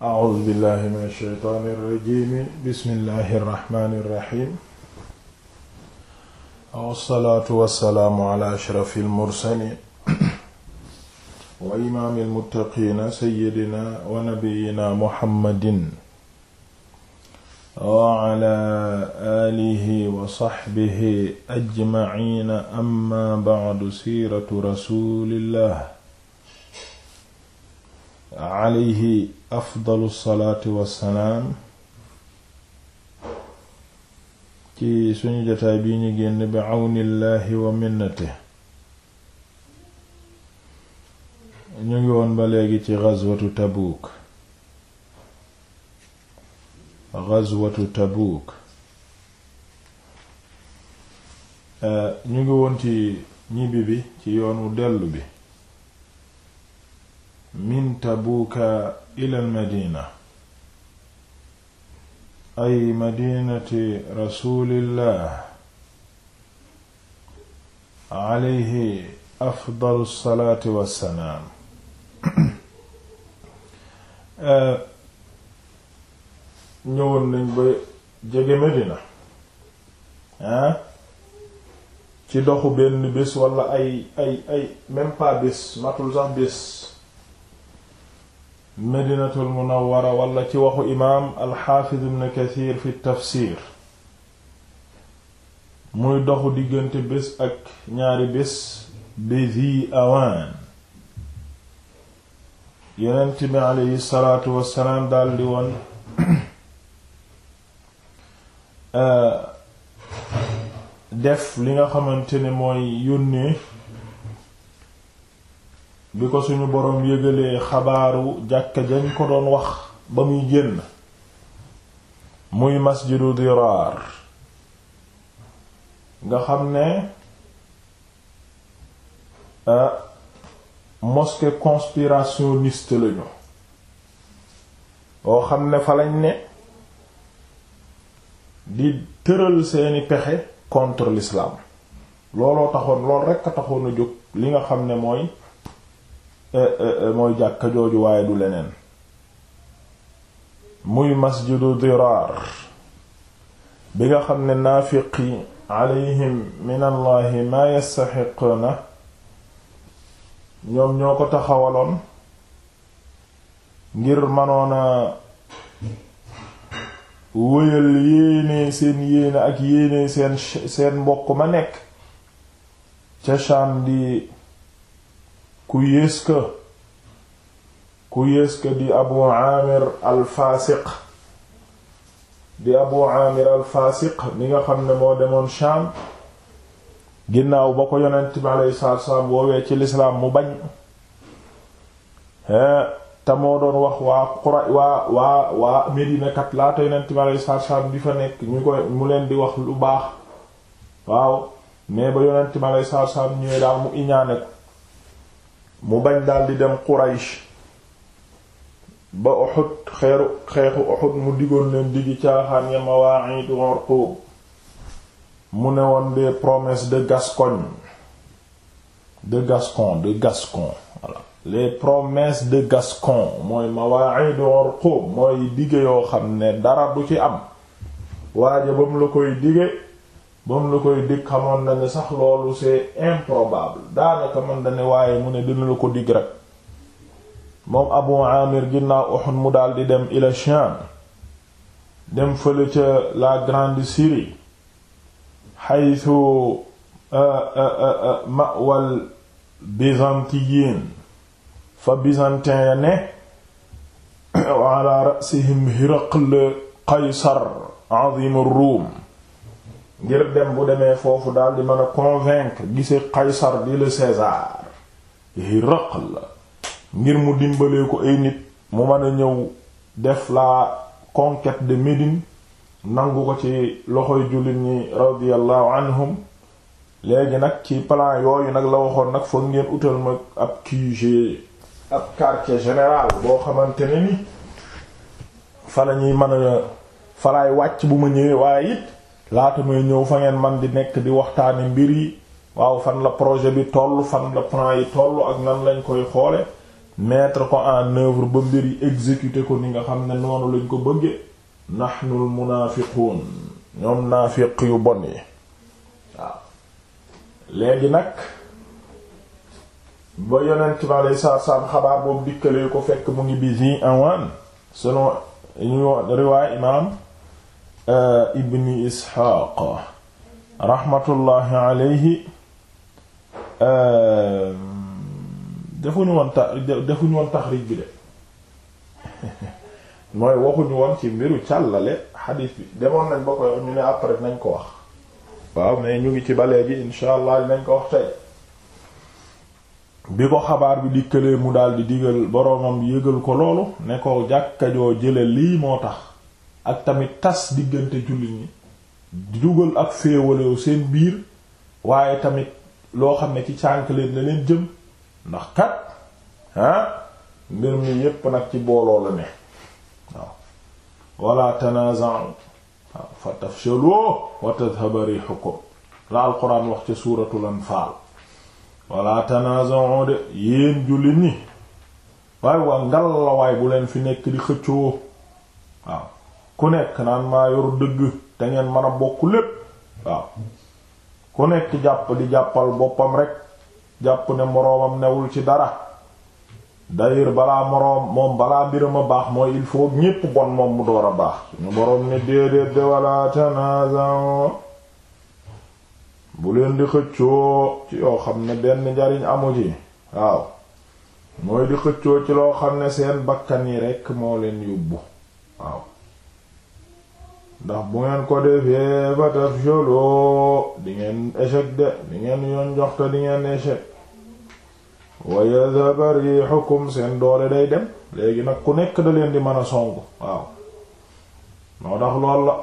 a'uuzu billahi mina shaytaani rajiim bismillahi rahmaani rahiim wassalaatu wassalaamu ala ashrafil mursaliin wa imaamil muttaqiina sayyidina wa nabiyyina muhammadin wa ala aalihi wa sahbihi ajma'iina amma ba'du siiratu rasuulillah alayhi afdalu salaatu wassalaam ci suñu jotaay bi ñu génn bi àwnillaahi wa minnate ñu ngi woon ba léegi ci ghazwatu tabuuk ghazwatu tabuuk ñu ngi woon ci ñibbi bi ci yoonu dellu bi min tabuuka ilal madina ay madinati rasulillah alayhi afdalu salaati wassalaam eh, ñëwoon nañ ba jege Medina ah ci doxu benn bés wala ay ay ay même pas bés sax bés medinatul munawwara wala ci waxu imaam alxaafiz ibn kathir fi tafsir muy doxu diggante bés ak ñaari bés bési awaan yonent bi aleyhi salaatu wassalaam daldi woon eh, def li nga xamante ne mooy yónnee bi ko suñu boroom yëgalee xabaaru jàkk jañ ko doon wax ba muy génn muy masjidu diraar nga xam ne euh, mosquée conspirationniste lañu oo xam ne fa lañ ne di tëral seeni pexe contre l'islam looloo taxoon lool rekk a taxoon a jóg li nga xam ne mooy Eh, eh, eh, mooy jàkka jooju waaye du leneen muy masjidu diraar bi nga xam ne naafiqi alayhim min allahi maa yastaxiquna ñoom ñoo ko taxawaloon ngir manoona wëyal yéene seen yéene ak yéene seen mbokk ma nekk ca Shaam di ku yées ka ku yées ka di abu amir al di abu amir al faasiq mi nga xam ne moo demoon Shaam ginnaaw ba ko yonent bi alayhi salaatu salaam woowee ci lislaam mu bañ te moo doon wax waa Qura waa waa waa Medina kat laata yonent bi alayhi salaatu salaam di fa nekk ñu koy mu leen di wax lu baax waaw mais ba yonent bi alayhi salaatu salaam ñëwee daal mu iñaane ko mu bañ daldi dem Quraysh ba Uhud xeeru xeexu Uhud mu digoon leen digi caaxaan ya mawaa'idu Urqub mu ne woon de Gascogne de Gascon de Gascon voilà les promesses de Gascon mooy mawaa'idu Urqub mooy dige yoo xam ne dara du ci am waaja ba mu la koy dige bam la koy dig xamoon sax loolu c'est improbable daanaka man da waaye mu ne dina la ko dig rek moom Abu Amir ginnaaw Uhud mu daal di dem ila Sham dem fële la grande Syrie xaytu euh, euh, euh, mawal byzantiyin fa byzantin ne wa ala ra'sihim Hiraql Qaysar azim ar-Rum ngir dem bu demee foofu daal di mën a convaincre gise Qaysar di le César Hiraql la ngir mu dimbalee ko ay nit mu mën a ñëw def la conquête de Médine nangu ko ci loxoy jullit ñi radiyallahu anhum léegi nag ci plan yooyu nag la waxoon nag foog ngeen utal ma ab QG ab quartier général boo xamante ne ni fa la ñuy mën a falaay wàcc bu ma ñëwee waaye it laata may ñëw fa ngeen man di nekk di waxtaane mbir yi waaw fan la projet bi toll fan la plan yi toll ak nan lañ koy xoole mettre ko en neuvre ba mbir yi exécuter ko ni nga xam ne noonu lañ ko bëgge naxnul munaafiquun ñoom naafiq yu bon yi waaw léegi nag ba yoneen bi alei saatu salaam xabaar boobu dikkalee ko fekk mu ngi bisi awan selon ñu riwaay imaam Euh, ibni isxaaq raxmatullahi alayhi euh, defuñu woon ta defuñu woon bi de mooy waxuñu woon ci mbiru càllale xadiis bi demoon nañ ba koy ñu ne après nañ ko wax waaw mais ñu ngi ci ba léegi insha allah dinañ ko wax tey bi ko xabaar bi dikkalee mu daal di digal boroomam yëgal ko loolu ne ko jàkka joo jële lii moo tax ak tamit tas diggante jullit ñi dugal ak féewalewu seen biir waaye tamit loo xam ne ci cànqleen la leen jëm ndax kat ah mbir mi yépp nag ci booloo la ne waaw wala tanaza'u waaw fa tafshalu wa tadhhaba rihukum la alquran wax ca suuratul anfaal wala tanaza'u de yéen jullit ñi waaye waa ngal bu leen fi nekk di xëccoo waaw ku nekk naan maa yor dëgg te ngeen mën a bokk lépp waaw ku nekk jàpp di jàppal boppam rek jàpp ne moroomam newul ci dara dayir balaa moroom moom balaa mbiram a baax mooy il faut ñépp bon moom mu door a baax suñu boroom ne déedéet de wala tanaza'u bu leen di xëccoo ci yoo xam ne benn njariñ amu ci waaw mooy di xëccoo ci loo xam ne seen bakkan yi rekk moo leen yóbbu waaw ndax bu ngeen ko defee ba taf jolo di ngeen échec de di ngeen yoon jox te di ngeen échec wa yadhaba rihukum seen doole day dem léegi nag ku nekk da leen di mën a song waaw moo tax lool la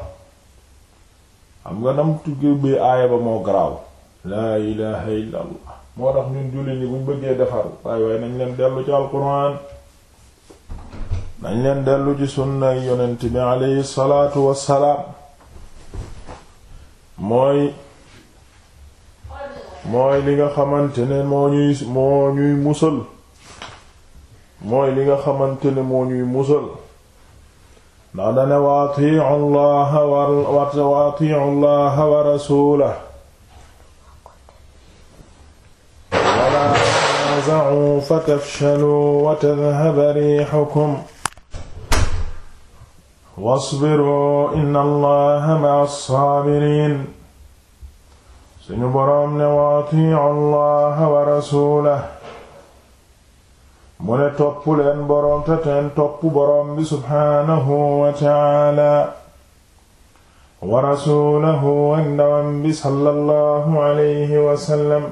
am nga nam tukki bi aaya ba moo garaaw laa ilaha illa allah moo tax ñun julli ñi buñ bëggee defar waaye waaye nañ leen dellu ci alquran nañ leen dellu ci sunnay yonent bi aleyhi salaatu wassalaam mooy mooy li nga xamante ne moo mooy li nga xamante ne moo ñuy musal ndax dane wa atiu llaha wa atiu llaha wa rasulah wala tanaza'u fatafshalu wa tadhhaba wasbiru inna allaha ma'a saabiriin suñu boroom ne wa atiicu allaha wa rasuulahu mu ne topp leen boroom te teen topp boroom bi subhaanahu wa tacaala wa rasuulahu ak ndawam bi wa sallam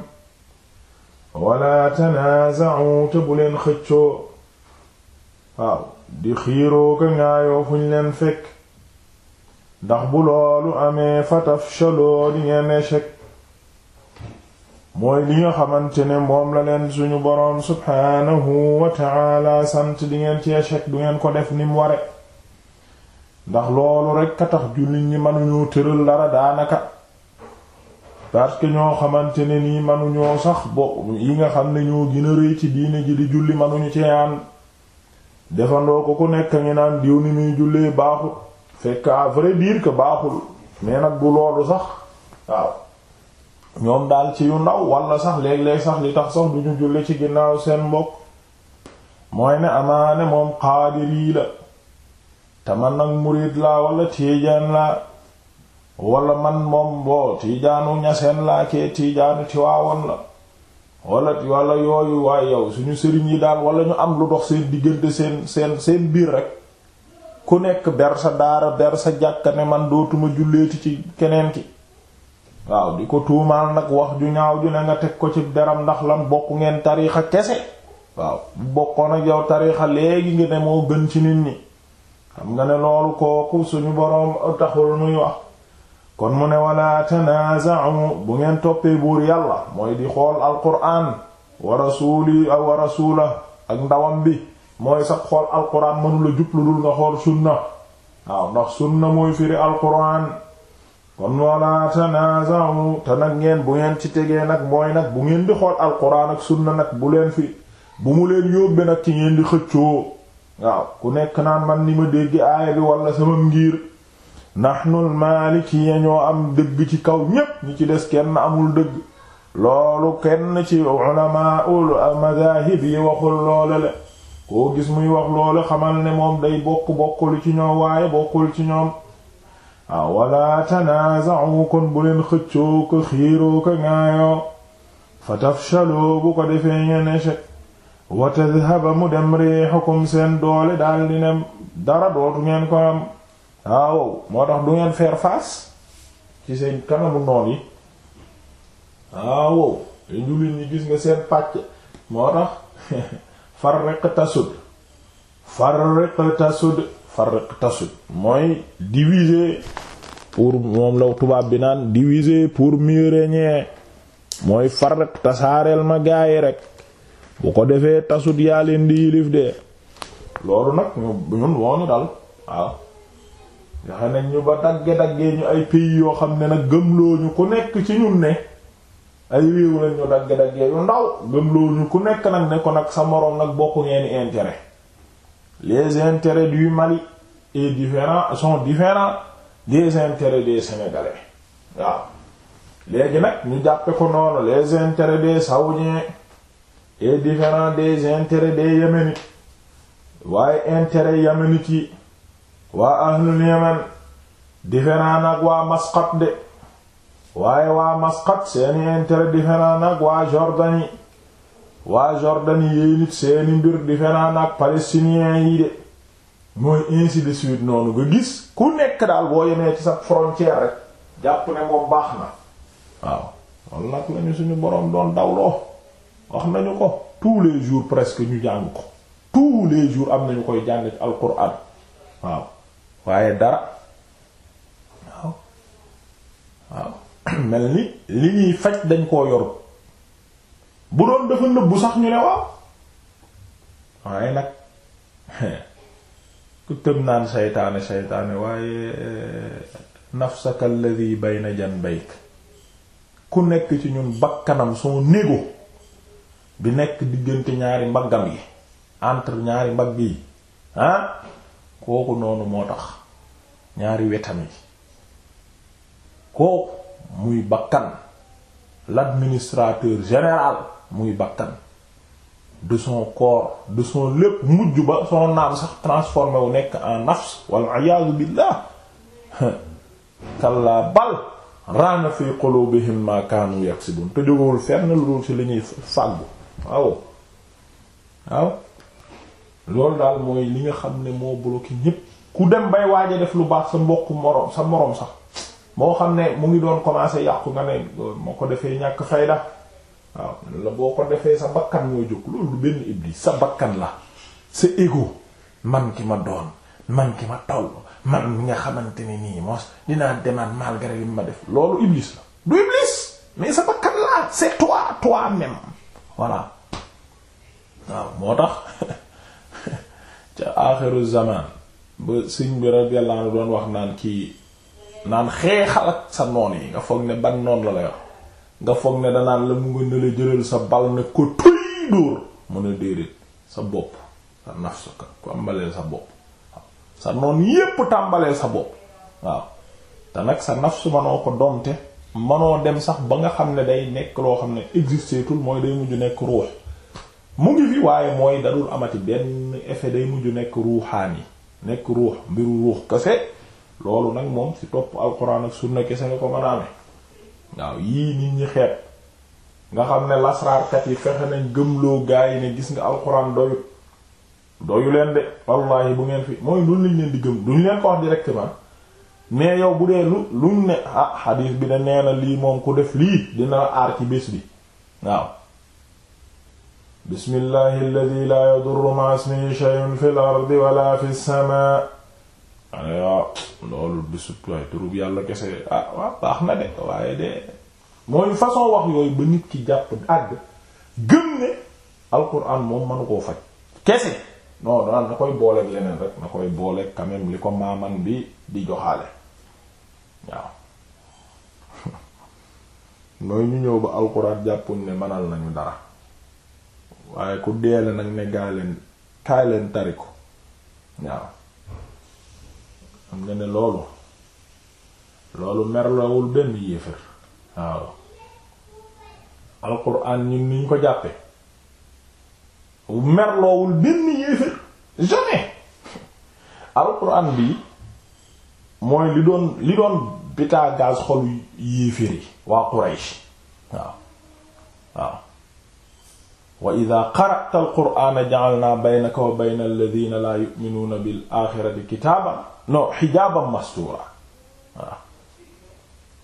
walaa tanaazacu te bu di xiiroo ka ngaayoo fu ñu leen fekk ndax bu loolu amee fatafshaloo di ngeen échec mooy li nga xamante ne moom la leen suñu boroom subhaanahu wa ta'ala sant di ngeen ci échec du ngeen ko def ni mu ware ndax loolu rekk a tax jullit ñi mënuñoo tëral dara daanaka parce que ñoo xamante ne nii mënuñoo sax bo yi nga xam ne ñoo gën a rëy ci diine ji di julli mënuñu ci yaan defandoo ko ku nekk ngi naan diw ni muy jullee baaxul fekk à vrai dire que baaxul mais nag bu loolu sax waaw ñoom daal ci yu ndaw walla sax léeg-léeg sax li tax sax duñu julli ci ginnaaw seen mbokk mooy ne amaane moom xaadir yii la te man nag murid laa wala tiijaan laa walla man moom boo tiijaanu ñaseen laa kee tiijaanu tiwaawoon la wala walla yooyu waaye yow suñu sëriñ yi daal wala ñu am lu dox seen diggante seen seen seen biir rek ku nekk ber sa daara ber sa jàkka ne man dootuma julleeti ci keneen ki waaw di ko tuumaal nag wax ju ñaaw ju ne nga teg ko ci deram ndax lan bokk ngeen tariixa kese waaw bu bokkoon ak yow tariixa léegi ngi ne moo gën ci nit ñi xam nga ne loolu kooku suñu boroom taxul nuy wax kon mu ne wala tanaaza'u bu ngeen toppee buur yàlla mooy di xool alquran wa rasuuli aw wa rasuula ak ndawam bi mooy sax xool alquran mënula jublu dul nga xool sunna waaw ndax sunna mooy firi alquran kon wala tanaaza'u te nag ngeen bu ngeen ci tegee nag mooy nag bu ngeen di xool alquran ak sunna nag bu leen fi bu mu leen yóbbee nag ci ngeen di xëccoo waaw ku nekk naan man ni ma dégg aaya bi wala sama ngir naxnul maaliki ya ñoo am dëgg ci kaw ñépp ñu ci des kenn amul dëgg loolu kenn ci ulamaa ul madaahib yi waxul loole le koo gis muy wax loole xamal ne moom day bokk bokkul ci ñoom waaye bokkul ci ñoom ah wala tanaaza'u kon bu leen xëccoo ko xiiroo ko ŋaayoo fa tafshaloo bu ko defee ngeen échec wa tadhaba mu dem riixukum seen doole daal di ne dara dootu ngeen ko am waaw moo tax du ngeen faire face ci seen kanamu noon yi waaw te njullit ñi gis nga seen pàcc moo tax farriq tasud farriq tasud farriq tasud mooy diviser pour moom la tubaab bi naan diviser pour mieux régner mooy farriq tasaareel ma gaayi rek bu ko defee tasud yaa leen di yilif de loolu nag ñun moo dal waaw joxe nañ ñu ba dagge-daggee ñu ay pays yoo xam ne nag gëmloo ñu ku nekk ci ñun ne ay réew lañ ñu dagge-daggee yu ndaw gëmloo ñu ku nekk nag ne ko nag sa moroom nag bokku ngeen intérêt les intérêts du Mali est différent sont différents des intérêts des Sénégalais waaw léegi nag ñu jàppe ko noonu les intérêts des Saoudiens est différent des intérêts des Yéménites waaye intérêts yéménites yi waa ahlul yaman différent nag waa Masqat de waaye waa Masqat seeni intérêt différent nag waa Jordanie waa Jordanie yéen it seeni mbir différent nag palestiniens yi de mooy ainsi de suite noonu nga gis ku nekk daal boo yemee ci sa frontière rek jàpp ne moom baax na waaw walla nag lañu suñu boroom doon dawloo wax nañu ko tous les jours presque ñu jàng ko tous les jours am nañu koy jàng ci alquran waaw waaye dara waaw waaw mel ni li ñuy faj dañ koo yor bu doon dafa nëbbu sax ñu ne waaw waaye nag ku tëb naan seytaane seytaane waaye eh, nafsaka alladhi bayna janbayk ku nekk ci ñun bakkanam son négo bi nekk diggante ñaari mbaggam yi entre ñaari mbagg yi ah kooku noonu moo tax ñaari wetam yi kooku muy bakkan l'administrateur général muy bakkan de son corps de lépp mujj ba son naam sax transformé wu nekk en nafs wal iyaadu billah kalla bal raana fi qulubihim ma kaanu yaksibun te jógawul fenn lu dul ci li fàggu waaw waaw loolu daal mooy li nga xam ne moo bloqué ñépp ku dem bay waaje def lu baax sa mbokk moroom sa moroom sax moo xam ne mu ngi doon commencé yàqu nga ne moo ko defee ñàkk fayda waaw la boo ko defee sa bakkan mooy jóg loolu benn iblis sa bakkan la sa ego man ki ma doon man ki ma taw man mi nga xamante ne nii mos dinaa demaat malgré li ma def loolu iblis la du iblis mais sa bakkan la c'est toi toi-même voilà waaw moo tax ca aaxiru zaman ba sëñ bi radiyallahu anhu doon wax naan kii naan xeexal ak sa noon yi nga foog ne ban noon la lay wax nga foog ne danaan la mu nga nële jëlal sa bal ne ko tuy dóor mën a déedéet sa bopp sa nafsuka sa bopp sa noon yépp tàmbaleel sa bopp waaw te nag sa nafsu noo ko domte manoo dem sax ba nga xam ne day nekk loo xam ne existeetul mooy day mujj nekk ruux mu ngi fi waaye mooy dadul amati benn effet day mujj nekk ruuxaan yi nekk ruux mbiru ruux kese loolu nag moom si topp alxuraan ak sunna kese nga ko mën a amee waaw yii nit ñi xeet nga xam ne lasraarkat yi fexe nañ gëm loo gaa yi ne gis nga alxuraan doyut doyu leen de wallaahi bu ngeen fi mooy loolu lañ leen di gëm duñ leen ko wax directement mais yow bu dee lu luñ ne ah xadiis bi ne nee na lii moom ku def lii dina la aar ci bés bi waaw bismillahi alladi laa yadurru ma'a ismihi shay'un fil ardi wala fis samaa ayaa loolu bisut waaye turub yàlla kese ah waa baax na de waaye de mooy façon wax yooyu ba nit ki jàpp àgg gëm ne alquran moom manu koo faj kese non daal na koy booleeg leneen rek na koy booleeg quand li ko maaman bi di joxaale waaw mooy ñëw ba alquran jàppuñ ne manal nañu dara waaye ku deele nag ne gaa leen kaay leen tari ko waaw xam nga ne loolu loolu merlawul benn yéefar waaw alquran ñun ni ñu ko jàppe merloowul benn yéefar jamais alquran bi mooy li doon li doon bitaa gaz xolu yéefar yi waa Quraysh waaw waaw wa ida qara'ta alqur'ana ja'alna baynaka wa bayna alladhina la yu'minuna bil ak kitaaban no xijaaban mastura waaw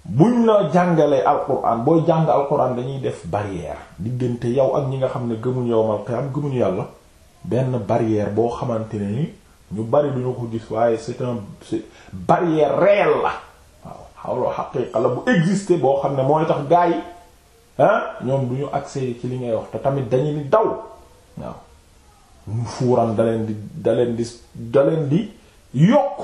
buñ la jàngalee alqur'an booy jàng alqur'an dañuy def barrière diggante yow ak ñi nga xam ne gëmuñ yowmal qiyaam gëmuñ yàlla benn barrière boo xamante ne ni ñu bari duñu ko gis waaye c'est un c'est barrière réelle la waaw xawloo xaqiiqa la bu exister boo xam ne mooy tax gaa yi ah ñoom du ñu accès ci li ngay wax te tamit dañu ni daw waaw mu fuuram da leen di da di da di yokk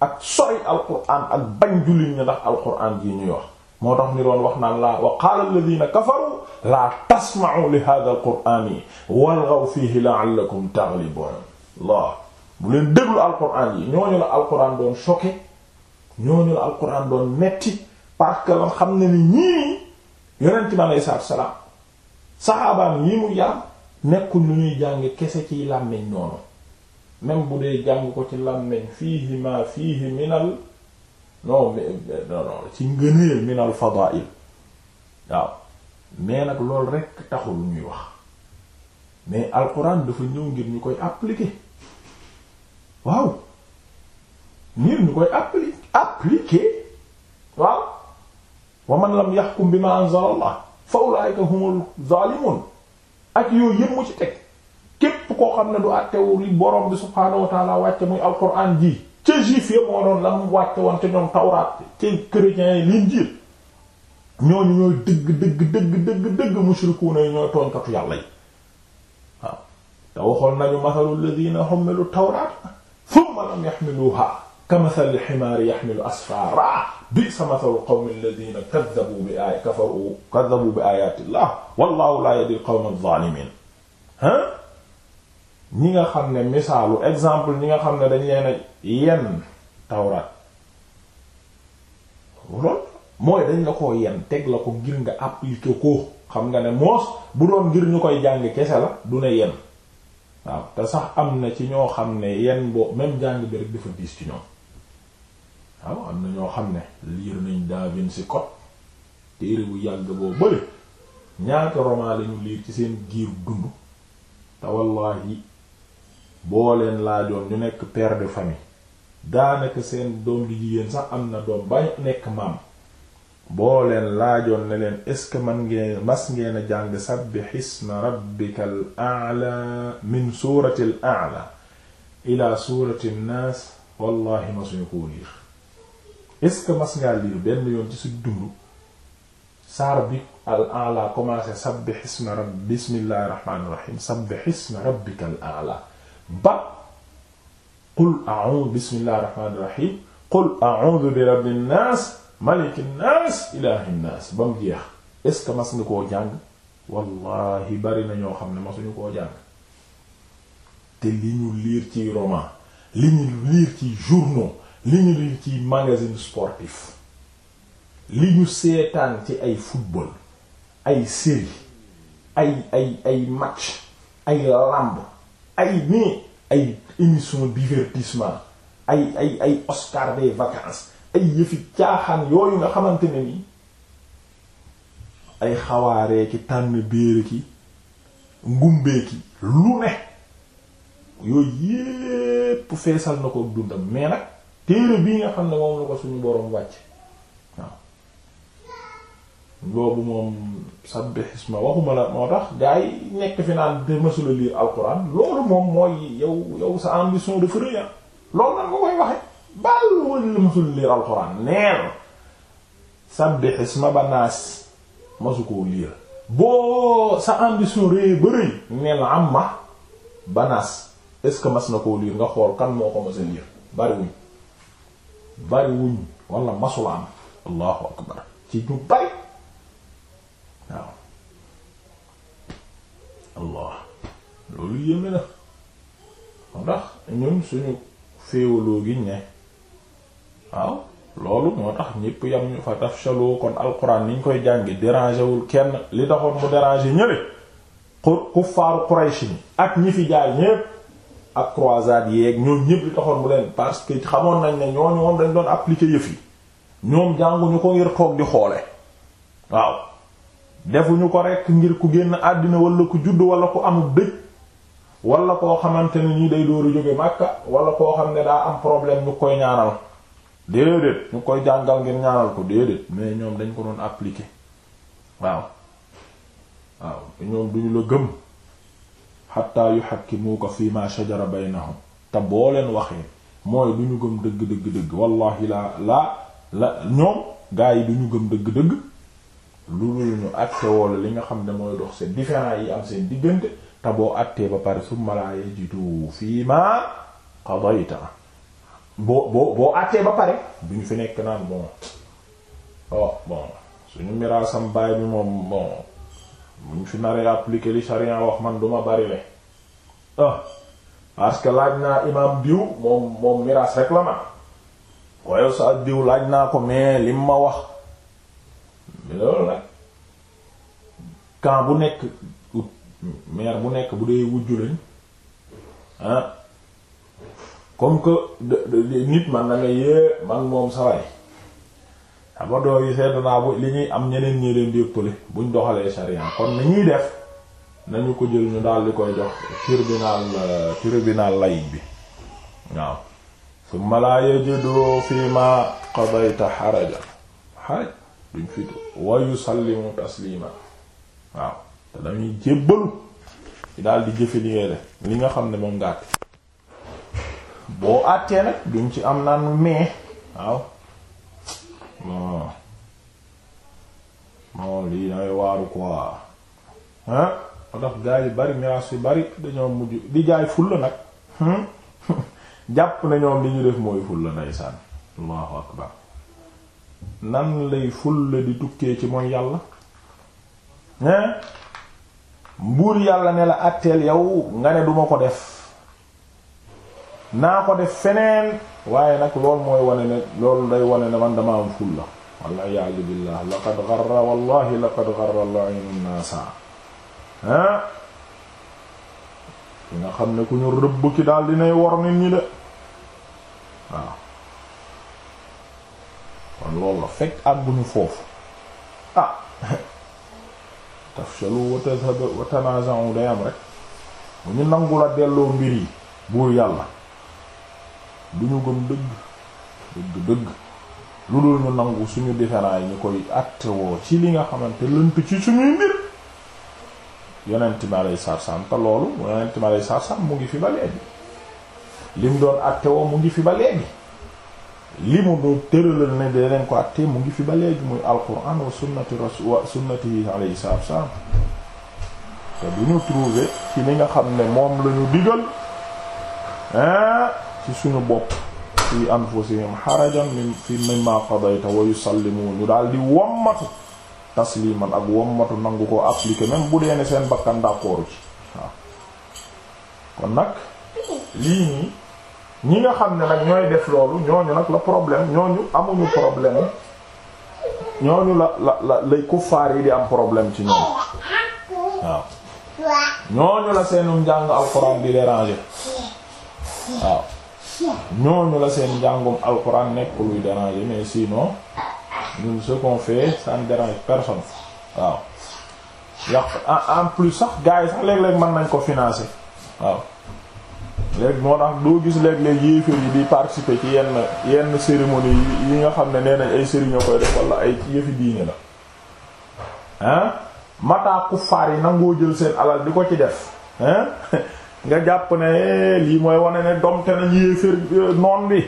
ak sori alquran ak bañ jullit ñi ndax alquran ji ñuy wax moo tax ni wax naan laa wa qaala alladhina kafaru laa tasma'u li hadha alqur'ani walghaw fihi la'allakum taghlibun la bu leen déglu alquran yi ñooñu la alquran doon choqué ñooñu la alquran doon metti parce que xam ne ni ñii yonent bi aleyhi salaatu wa salaam saxaabaam ñi mu yar nekkul lu ñuy jàng kese ciy làmmiñ noonu même bu dee jàng ko ci làmmiñ fii ma fii minal non non ci ngëneel minal fadaa'il waaw mais nag lool rekk taxul ñuy wax mais alxuraan dafa ñëw ngir ñu koy appliquer waaw ngir ñu koy appli waaw wa man lam yahkum bima anzala Allah fa ulaa'ika humul zaalimuun ak yooyu yëpp mu ci teg képp koo xam ne du àttewu li borom bi subhaanahu wa taala wàcce muy alquran ji ca juif ya moo doon lam wàcce woon te ñoom tawraat ca chrétiens yi l'injiil ñooñu ñooy dëgg dëgg dëgg dëgg dëgg mushrikuuna yi ñooy tooñkatu yàlla yi waaw te waxoon nañu masalul lazina hummilu tawraat thumma lam yahmiluha kamathali ximaari yaxmilu asfaara bi'sa mathalu qawmi alladhina kadhabu bi aay kafaru kadhabu bi ayatillah wallahu la yahdi alqawma adh-dhalimin ah ñi nga xam ne misaalu exemple ñi nga xam ne dañ leen a yenn tawraat lool mooy dañ la ko yenn teg la ko ngir nga appliquer ko xam nga ne moos bu doon ngir ñu koy jàng kese la du ne yenn waaw te sax am na ci ñoo xam ne yenn boo même jàng bi rek dafa diis ci ñoom am na ñoo xam ne liir nañ Da Vinci Code téere bu yàgg boo bëri ñaata roman lañu liir ci seen giir dund te wallahi boo leen laajoon ñu nekk père de famille daanaka seen doom di jigéen sax am na doom bañ nekk maam boo leen laajoon ne leen est-ce que man ngee mas ngeen a jàng sabbihisma rabbikal a'la min suratil a'la ila surati nnaas wallahi ma suñu koo liir est-ce que mas ngaa liir benn yoon ci suñ dund saar bi al ala commencé sabbih isma rabb bismillahir rahmanir rahim sabbih isma rabbikal ala ba qul a'udhu bismillahir rahmanir rahim qul a'udhu bi rabbin nas malikin nas ilahin nas ba mu jeex est-ce mas nga koo jàng wallahi bari na ñoo xam ne masuñu koo jàng te li ñu liir ci roman li ñu liir ci journaux li ñu lire ci magazine sportif li ñu seetaan ci ay football ay série ay ay ay match ay lamb ay nii ay émission divertissement ay ay ay Oscar des vacances ay yëfi caaxaan yooyu nga xamante ne ni ay xawaaree ki tànn béere ki ngumbee ki lu ne yooyu yépp feesal na ko dundam mais nag téere bii nga xam ne moom la ko suñu boroom wàcc waaw boobu moom sabbih isma waxuma la moo tax gaa yi nekk fi naan de mësula lire alxuraan loolu moom mooy yow yow sa ambition dafa rëy ah. loolu nag nga koy waxe baal loolu la mësula lire alxuraan neel sabbih isma ba naas mësu koo lire boo sa ambition rëy ba rëy neel amma ba naas est-ce mas na koo lire nga xool kan moo ko mas a bariwuñ bari wuñ wala am allahu akbar ci ñu bari waaw allah loolu yéeme na ndax ñun suñu féewaloo gi ne waaw loolu moo tax ñépp yam ñu fa tafshaloo kon alquran niñ koy jàngi déranger wul kenn li taxoon mu déranger ñële ku kuffaaru Quraysh ni ak ñi fi jaay ñëpp ak croisade yeeg ñoom ñëpp li taxoon mu leen parce que xamoon nañ ne ñooñu moom dañ doon appliquer yëf yi ñoom jànguñu ko ngir toog di xoole waaw defuñu ko rekk ngir ku génn àddina wala ku juddu wala ku amul dëj wala koo xamante ne ñi day dóoru jóge Makka wala koo xam ne daa am problème ñu koy ñaanal déedéet ñu koy jàngal ngir ñaanal ko déedéet mais ñoom dañ ko doon appliquer waaw waaw ñoom duñu la gëm xatta yuhakkimuuka ko ma shajara baynahum te boo leen waxee mooy du ñu gëm dëgg dëgg dëgg wallahi laa laa la ñoom gaa yi du ñu gëm dëgg dëgg lu dul ñu àtte wala li nga xam ne mooy dox seen différends yi am seen diggante te boo àttee ba pare summa laa yajidu fii ma qadayta boo boo boo àttee ba pare du ñu fi nekk naan bon oh bon suñu miraasam baay bi moom bon. muñ fi naree appliquer li sharia wax man duma bari le ah, parce que laaj naa imam diw moom miraas rek ma waaye sa diw laaj naa ko mais lim ma wax loolu nag camp bu nekk ut maire bu nekk bu dee wujju lañ ah comme que nit man na nga yée man moom saway amadoo yi seetlu naa bu li ñuy am ñeneen ñi leen di ëppale buñ doxalee sharia kon ni ñuy def nañu ko jël ñu daal di koy jox tribunal euh, tribunal layit bi waaw summa laa yajidu fi ma qadayta xaraja xaraj duñ fit wa yusallimu taslima waaw te dañuy jébbalu ci daal di jëfe li li nga xam ne moom nga àtte boo àttee nag duñ ci am naan mais waaw non lii dangay waaru quoi ah ndax gaa yi bari miraas yu bari dañoo mujj di jaay fulla nag hmm? jàpp na ñoom li ñu def mooy fulla ndeysaan allahu akbar nan lay fulla di tukkee ci mooy yàlla hein mbuur yàlla ne la àtteel yow nga ne duma ko def naa ko def feneen waaye nag loolu mooy wane ne loolu day wane ne man dama am fulla walla yàlla billah laqad gharra wallahi laqad gharra al-'aynu an-naasa ah ki nga xam ne ku ñu rëbb ki daal dinay wor nit ñi de waaw kon loolu la fekk àgguñu foofu ah tafshalu wa tadhhabu wa am rek bu ñu nangu la delloo mbir yi buur yàlla du ñu gëm dëgg dëgg dëgg lu dul ñu nangu suñu différents yi ñu koy attewoo ci li nga xamante lënt ci suñuy mbir yonent mi alay sarsam te loolu yonent mi alay sarsam mu ngi fi ba léegi lim doon attewoo mu ngi fi ba léegi li mu doon tëralal ne da leen ko attee mu ngi fi ba léegi muy alquran wa sunnati rasul wa sunnati alay sarsam te du ñu ci li nga xam ne moom lañu digal ci suñu bopp fi anfusihim harajan min fi mimma qadayta wa yusallimu ñu daal di wommatu tasliman ak wommatu nangu ko appliquer même bu dee ne seen bakkan d'accord ci waaw kon nag lii nii ñi nga xam ne nag ñooy def loolu ñooñu nag la problème ñooñu amuñu problème ñooñu la la la lay kuffaar yi di am problème ci ñoom waaw ñooñu la seenum njàng alxuraan di déranger waaw ñooñu la seen njàngum alxuraan nekk luy déranger mais sinon ñun ce qu'on fait ça ne dérange waaw yàq en plus sax gars yi sax léeg-léeg mën nañ ko financer waaw léegi moo tax doo gis léeg-léeg yéeféer yi di participer ci yenn yenn cérémonie yi nga xam ne nee nañ ay sëriñ ñoo koy def wala ay yëfi diine la hein mataa kuffaar yi nangoo jël seen alal di ko ci def hein nga jàpp ne eh, lii mooy wane ne domte nañ yéeféer eh, noon bi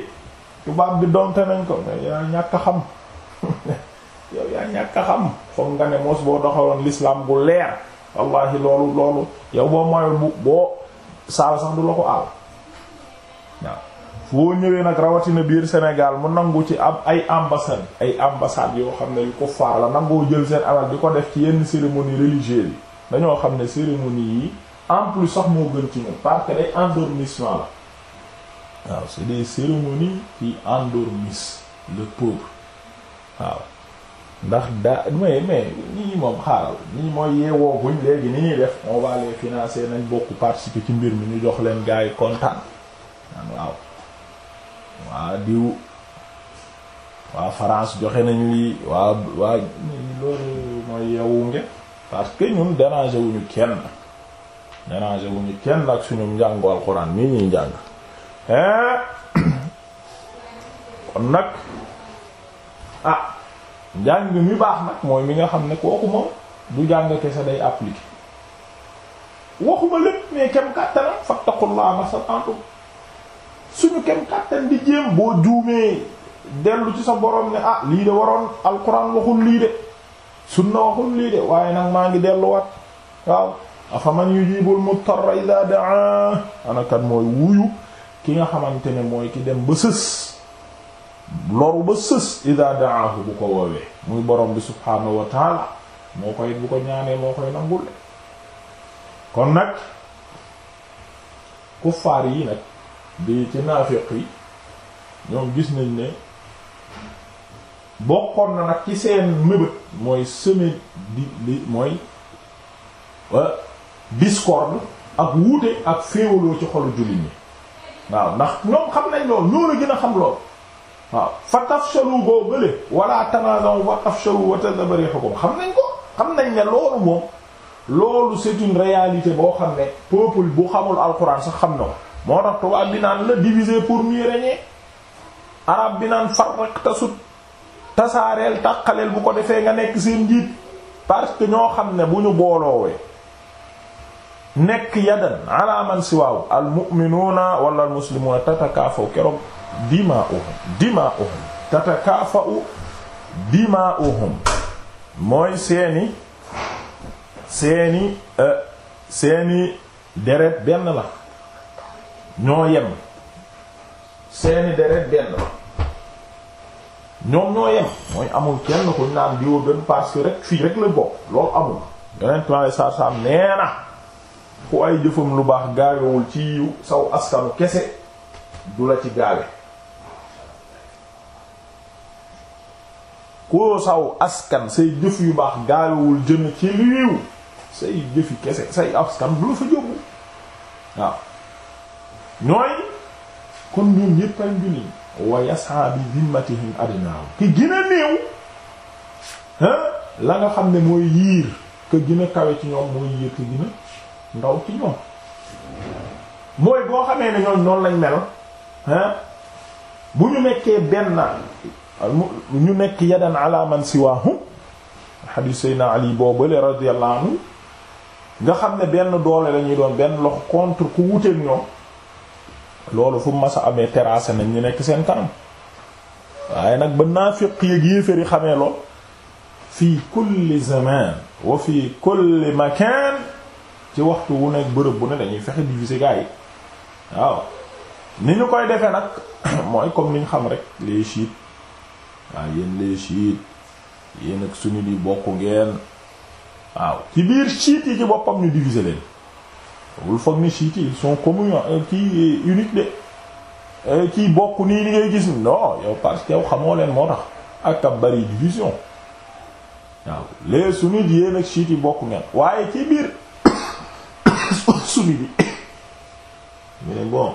tubaab bi domte nañ ko yaa ñàkk xam yow yaa ñàkk xam foog nga ne mos boo doxaloon l'islam bu leer wallahi loolu loolu yow boo mooy bu boo saal sax du la ko aal waaw foo ñëwee nag rawatina biir senegal mu nangu ci ab ay ambassade ay ambassade yoo xam ne yu ko faar la nangoo jël seen alal di ko def ci yenn cérémonie religieuse yi dañoo xam ne cérémonie yi en plus sax moo gën ci ñun parce que day endormissement la waaw c'est des cérémonies qui endormissent le pauvre waaw ndax daa mais mais ñii moom xaaral ñii mooy yeewoo buñ léegi ni ñuy def on va les nañ bokk participer ci mbir mi ñu jox leen gars yi kontaan waaw waa diw waa France joxe nañ lii waa waa loolu mooy yeewu nge parce que ñun déranger wuñu kenn. ménagé wu ñu kenn ak suñu njàngu alxuraan nii ñuy njàng eh? kon nag ah njàng mi baax nag mooy mi nga xam ne kooku moom du jàng kese day appliquer waxuma lépp mais kem kàttanam fattaqullaha masata'tum suñu kem kàttan di jéem boo juumee dellu ci sa borom ne ah lii de waroon alxuraan waxul lii de sunna waxul lii de waaye nag maa ngi delluwaat waaw afaman yujibul muttarra idha daa anakan mooy wuyu ki nga xamante ne mooy ki dem ba sës loru ba sës idha daahu bu ko woowee muy borom bi subhaanahu wa taala moo koy bu ko ñaanee moo koy nangul kon nag kuffaar yi nag di ci naafiq yi ñoom gis nañ ne bokkoon na nag ci seen mébét mooy semer di mooy euh, discorde ak wuute ak féewaloo ci xolu jullit ñi waaw ndax ñoom xam nañ lool ñoo la gën a xam lool waaw fa tafshalu boo gële wala tanazaw fa tafshalu wa tadhaba rihukum xam nañ ko xam nañ ne loolu moom loolu c'est une boo xam ne peuple bu xamul alxuraan sax xam na ko moo tax tubaab bi naan la diviser pour mieux régner arab bi naan farrak tasut tasaareel tàqaleel bu ko defee nga nekk seen njiit parce que ñoo xam ne bu ñu booloowee nekk yadan ala man siwaaw al mu'minuuna wala al muslimuuna tatakaafaw keroog dimaa'uhum dimaa'uhum tatakaafa'u dimaa'uhum mooy seeni seeni euh, seeni deret benn la ñoo yem seeni deret benn la ñoom ñoo yem mooy amul kenn ku ñu naan diwa gën parce rek fii rek la bokk loolu amul yeneen plan de sàr sàr nee ku ay jëfam lu baax gaawewul ci yiw saw askanu kese du la ci gaawe ku saw askan say jëf yu baax gaawewul jëm ci liiw say jëfi kese say askan du la fa jóbbu waaw ñooy kon ñoom yépp ay njuniñ wa yasa bi zimmatihim adnaaw ki gën néew hein la nga xam ne mooy yiir ka gën kawe ci ñoom mooy yiir ka gën ndaw ci ñoom mooy boo xamee ne ñoom noonu lañ mel bu ñu nekkee benn ñu nekk yadan ala man siwahum hadith sayna ali boobale radiyallahu anhu nga xam ne benn doole lañuy doon benn loxo contre ku wuteeg ñoom loolu fu masa amee terrasse nañ ñu nekk seen kanam waaye nag ba naafiq yëg yéeféri xamee lool fi kulli zaman wa fi kulli makan ci waxtu wu nekk bërëb bu ne dañuy fexe diviser gars yi waaw ni ñu koy defee nag mooy comme niñ xam rek les chiites waaw yéen les chiites yéen ak sunni di bokk ngeen waaw ci biir chiites boppam ñu diviser leen wul foog ni chiites yi ils sont communs euh, kii unique euh, bokk li ngay gis non yow parce que yow xamoo leen moo tax ak a bari division waaw les sunnites yéen ak chiites yi bokk ngeen waaye ci biir. sumi bi mu ne bon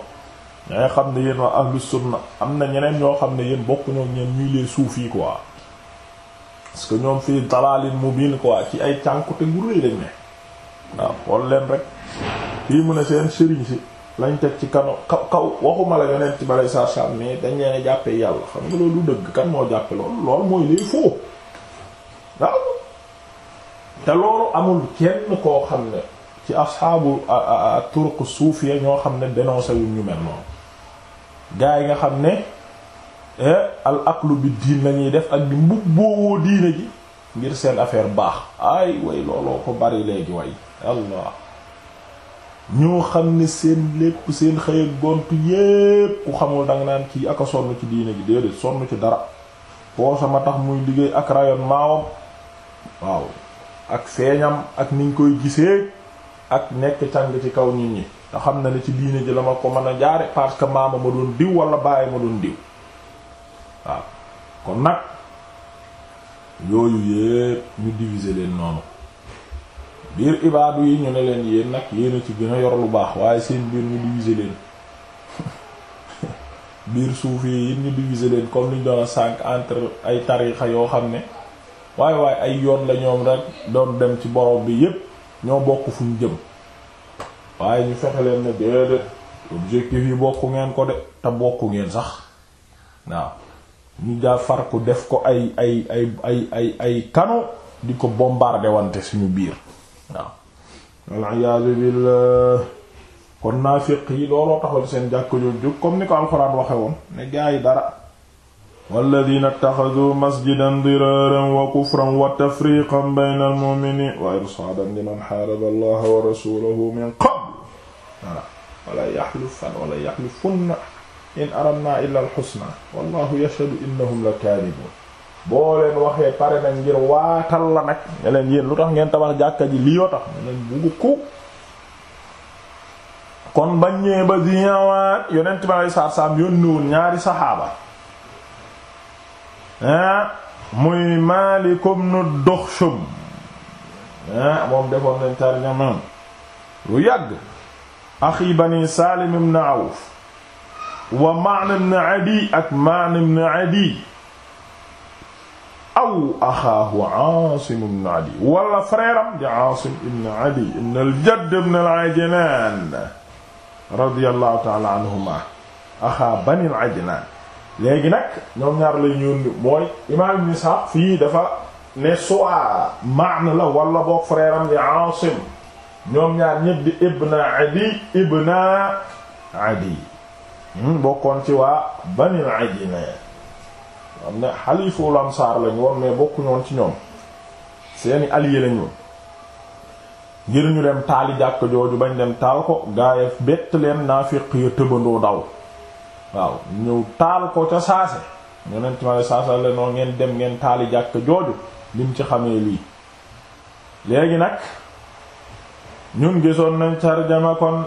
ña xam ne yéen waa ahlu sunna am na ñeneen ñoo xam ne yéen bokk ñoo ñeen ñuy les soufi quoi parce que ñoom fii mu mubin quoi ci ay cànkute gu rëy lañ ne waaw xool leen rek fii mu ne seen sëriñ si lañ te ci kano kaw kaw waxuma la yonent ci balay saa saa dañ leen jàppee yàlla xam nga loolu dëgg kan moo jàppe loolu loolu mooy les faux waaw te loolu amul kenn koo xam ne ci asxaabu turuq suufiya ñoo xam ne dénoncé wuñ ñu mel noonu gaa yi nga xam ne eh, al aqlu bi diin lañuy def ak di mbub boowoo diine ji ngir seen affaire baax ay way looloo ko bari léegi way allah ñoo xam ne seen lépp seen xëy ak gontu yépp ku xamul danga naan kii aka sonn ci diine ji déedéet sonn ci dara boo sama tax muy liggéey ak rayon maawam waaw ak feeñam ak niñ koy gisee ak nekk càng ci kaw nit ñi te xam na ne ci diine ji la ma ko mën a jaare parce que maama ma doon diw wala bàyyi ma doon diw waaw kon nag yooyu yépp ñu diviser leen noonu biir ibaadu yi ñu ne leen yéen nag yéen ci gën a yor lu baax waaye seen biir ñu diviser leen biir suufi yi ñu diviser leen comme liñ doon a sànq entre ay tarixa yoo xam ne waaye waaye ay yoon la ñoom rek doon dem ci borom bi yépp ñoo bokk fu ñu jëm waaye ñu fexe leen ne déedéet objectif yi bokku ngeen ko de te bokku ngeen sax waaw ñu daa far def ko ay ay ay ay ay ay canon di ko bombarder wante suñu biir waaw wal iyaazu billah kon naafiq yi looloo seen jàkk jooju comme ni ko alxuraan waxe woon ne gaa dara walladina taxaduu masjidan diraaran wa kufran wa tafriqan bayna almu'miniin wa irsaadan liman xaaraba allaha wa rasulahu min qabl wala yaxlufan wala yaxlifunna in aradna illa alxusna wallahu yashhadu innahum lakaadibuun boo leen waxee pare nag ngir waatal la nag ne leen yéen lu tax ngeen tabax jàkka ji li yoo tax ne leen buggu ku kon bañ ñëwee ba di ñëwaat yonent bi alayhi salaam yónni woon ñaari saxaaba Ah, muy Maalik ibn Duxshum ah, moom defoon nañ tarjamam lu yàgg axi bani Saalim ibn Awf wa Ma'n ibn Adi ak Ma'n ibn Adi aw axaahu Aasim ibn Adi wala frère am di Aasim ibn Adi ibn al-Jadd ibn al-Ajlaan radiyallahu ta'ala anhuma axaa bani al-Ajlaan léegi nag ñoom ñaar la ñuy mooy imaam Ibn fii dafa ne soit Ma'n la wala boog frère am di ñoom ñaar ñëpp di Ibn Adi Ibn Adi hmm, bokkoon ci waa Banil Ajina xam ne xalifu Ansaar lañu woon mais bokkuñu woon ci ñoom seeni alliés lañu woon ngir ñu dem taali jàkk jooju bañ dem taal ko gaayef bett leen naafiq ya tëbandoo daw waaw ñëw taal ko ca saase yonent ma ne saasa la ngeen dem ngeen taali jàkk jooju lim ci xamee lii léegi nag ñun gisoon nañ tarjama kon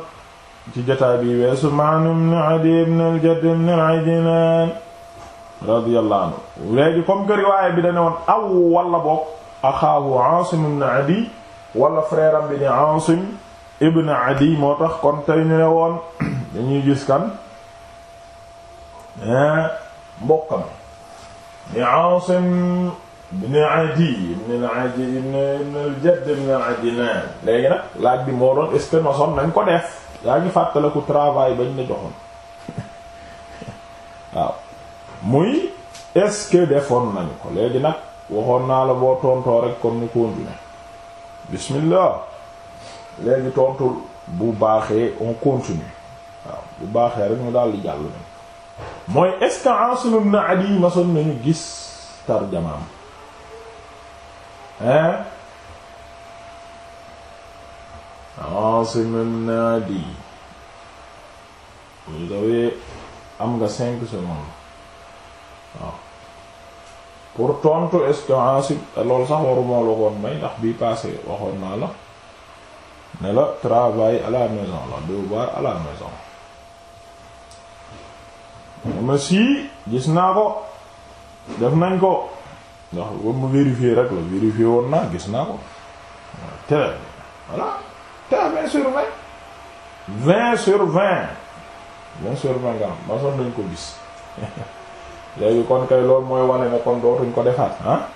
ci jotaay bi weesu Ma'n ibn Adiy ibn al-Jadd léegi comme que bi dane woon aw wala boog axaahu Aasim ibn Adiy wala frère bi ni Aasim ibn Adiy moo tax kon tey ñu ne woon dañuy gis kan Eh, mbokkam ni Aasim ibn Adi ibn al-Adi ibn al-Jadd ibn al nag laaj bi moo doon est-ce que nañ ko def yaa ngi fàttaliku travail bañ na joxoon waaw muy est defoon nañ ko léegi nag waxoon naa la boo tontoo rek comme ni continuer bismillah léegi tontu bu baaxee on continue waaw bu baaxee rek ñu daal di jàll nañ mooy est-ce que Aasim masoon nañu gis tarjamaam hein Aasim ibn Adi vous avez am nga cinq secondes pour tontu est-ce loolu sax waru la koon may ndax bii passé waxoon naa la ne la travail à la maison la devoir à la maison ma sii gis naa ko def nañ ko ndax wam ma vérifier rek la vérifier woon naa gis naa ko teel voilà teel vingt sur vingt vingt sur vingt vingt sur vingt nga am ma son nañ ko gis léegi kon kay loolu mooy wane ne kon dootuñ ko defaat ah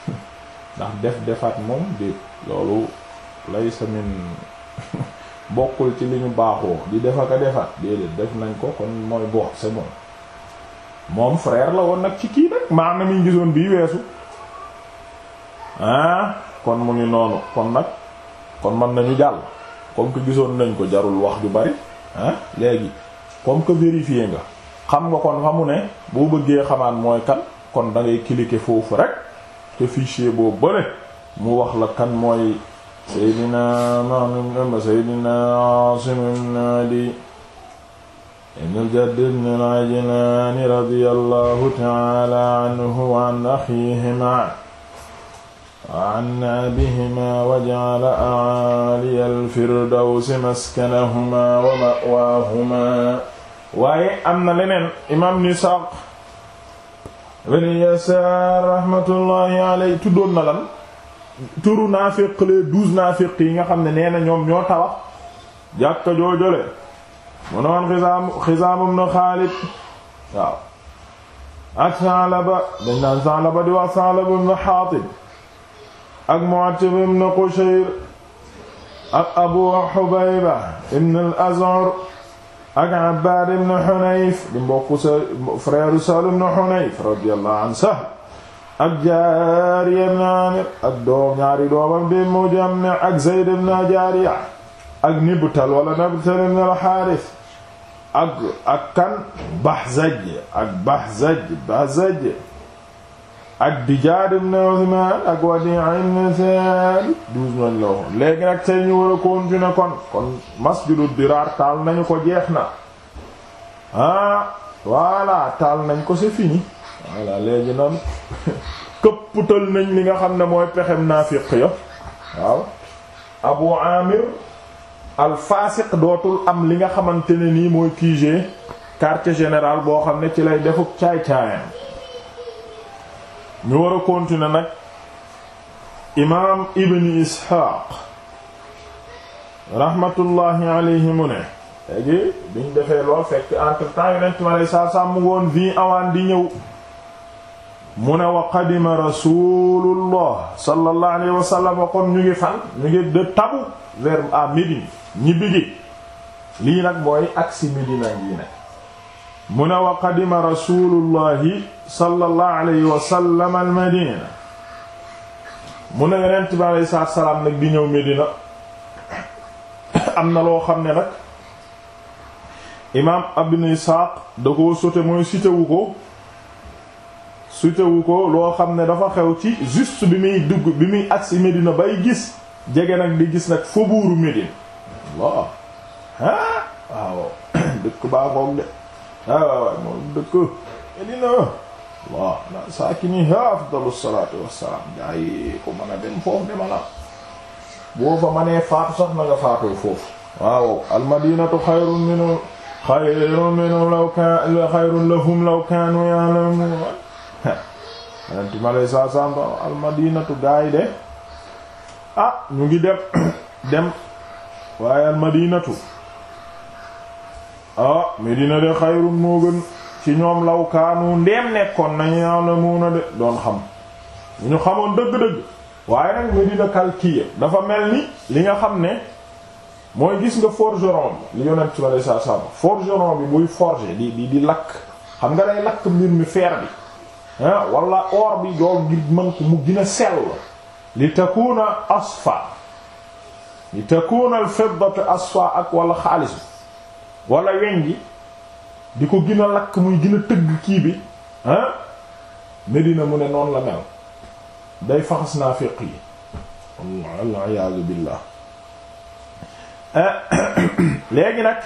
ndax def defaat moom di loolu laysa min bokkul ci li ñu baaxoo di defa ka defaat déedéet def nañ ko kon mooy boo c'est moom frère la woon nag ci kii nag maam na mi gisoon bii weesu ah kon mu ni noonu kon nag kon mën nañu jàll comme que gisoon nañ ko jarul wax ju bari ah léegi comme ko vérifié nga xam nga kon xamu ne boo bëggee xamaat mooy kan kon da kilike foofu rek te fichier boo bëre mu wax la kan mooy seydina Ma'n seydina Aasim ibn Adiy ibn al-Jadd ibn al-Ajlaan radiyallahu ta'aala anhu wa an axiihimaa wa an abiihimaa wa ja'ala a'aaliya al-firdawsi maskanahumaa wa ma'waahumaa waaye am na leneen imaam Isaaq ibn Yasaar rahmatullahi alayhi tuddoon na lan turu naaféq les douze naaféq yi nga xam ne nee na ñoom ñoo tawax joojole mu noon xisaam xisaamam na xaalid waaw ak Saalaba dañ naan Saalaba di wax Saalaba ibn Haatib ak Mu'attib ibn ak Abu Hubayba ibn al-Azhar ak Abbaad ibn Hunayf di mbokku sa frère Sahl ibn Hunayf radiyallahu anhu ak Jaariya ibn ak doom ñaari doomam de moo jam ak Zayd ibn Jaariya ak Nibtal wala Nabtal ibn al-Haaris ak ak kan Bahzaj ak Bahzaj Bahzaj ak Dijaad ibn Usmaan ak Wadi'a ibn Saabit douze man la waxoon léegi nag tey ñu war a kon kon Diraar taal nañu ko jeex na ah taal nañ ko c'est fini voilà léegi noonu këpputal nañ li nga xam ne mooy pexem naafiq ya waaw Abu Amir al faasiq dootul am li nga xamante ne nii mooy QG quartier général boo xam ne ci lay defuk caay-caayam ñu war a continuer nag imaam Ibn Isxaaq rahmatullahi alayhi mu ne léegi biñ defee lool fekk entre temps yonent mi alayhi salaam mu ngoon vi awaan di ñëw mu ne wa qadima rasulullah sallallahu alayhi wa kon ñu ngi fan ñu ngi de tabu vers à Médine ñibbi gi lii nag mooy agsi Médina gi nag mu ne wa qadima rasulullahi sallallahu alayhi wa al Madina mu ne yonent bi alayhi salaatu salaam di ñëw Médina am na loo xam ne nag imaam Ibn Isaaq da koo sote mooy cité ko sutewu ko loo xam ne dafa xew ci juste bi muy dugg bi muy agsi Medina bay gis jege nag di gis nag faubourg Medina Allah ah waaw dëkk baa ngoog de ah waaw moom dëkk Medina Allah na saakini afdalu salaatu wassalaam gaa ko mën a dem foofu dema la ah. boo fa manee faatu sax na nga faatoo foofu waaw almadinatu xayrun minhu xayrun minhu law kaanu xayrun lahum law kaanu ya'lamuun yenenti ma lay yi de ah ñu ngi dem dem waaye almadinatu ah medina de xayrum moo gën ci ñoom law kaanu ndeem nekkoon nañu am la muuna de doon xam bu ñu xamoon dëgg-dëgg waaye nag medina kalkiya dafa mel ni li nga xam ne mooy gis nga forgeron bi li yonent ma lay saa saam forgeron bi buy forger di di di lakk xam nga day lakk mbir mi fer bi wala or bi dool ngir mën mu gën a sell li takuna asfa li takuna al fiddatu ak wala xaalis walla wala weñ gi di ko gën a lakk muy gën tëgg kii bi ah Medina mu ne noonu la mel day faxas naa féq yi allah iyaazu billah léegi nag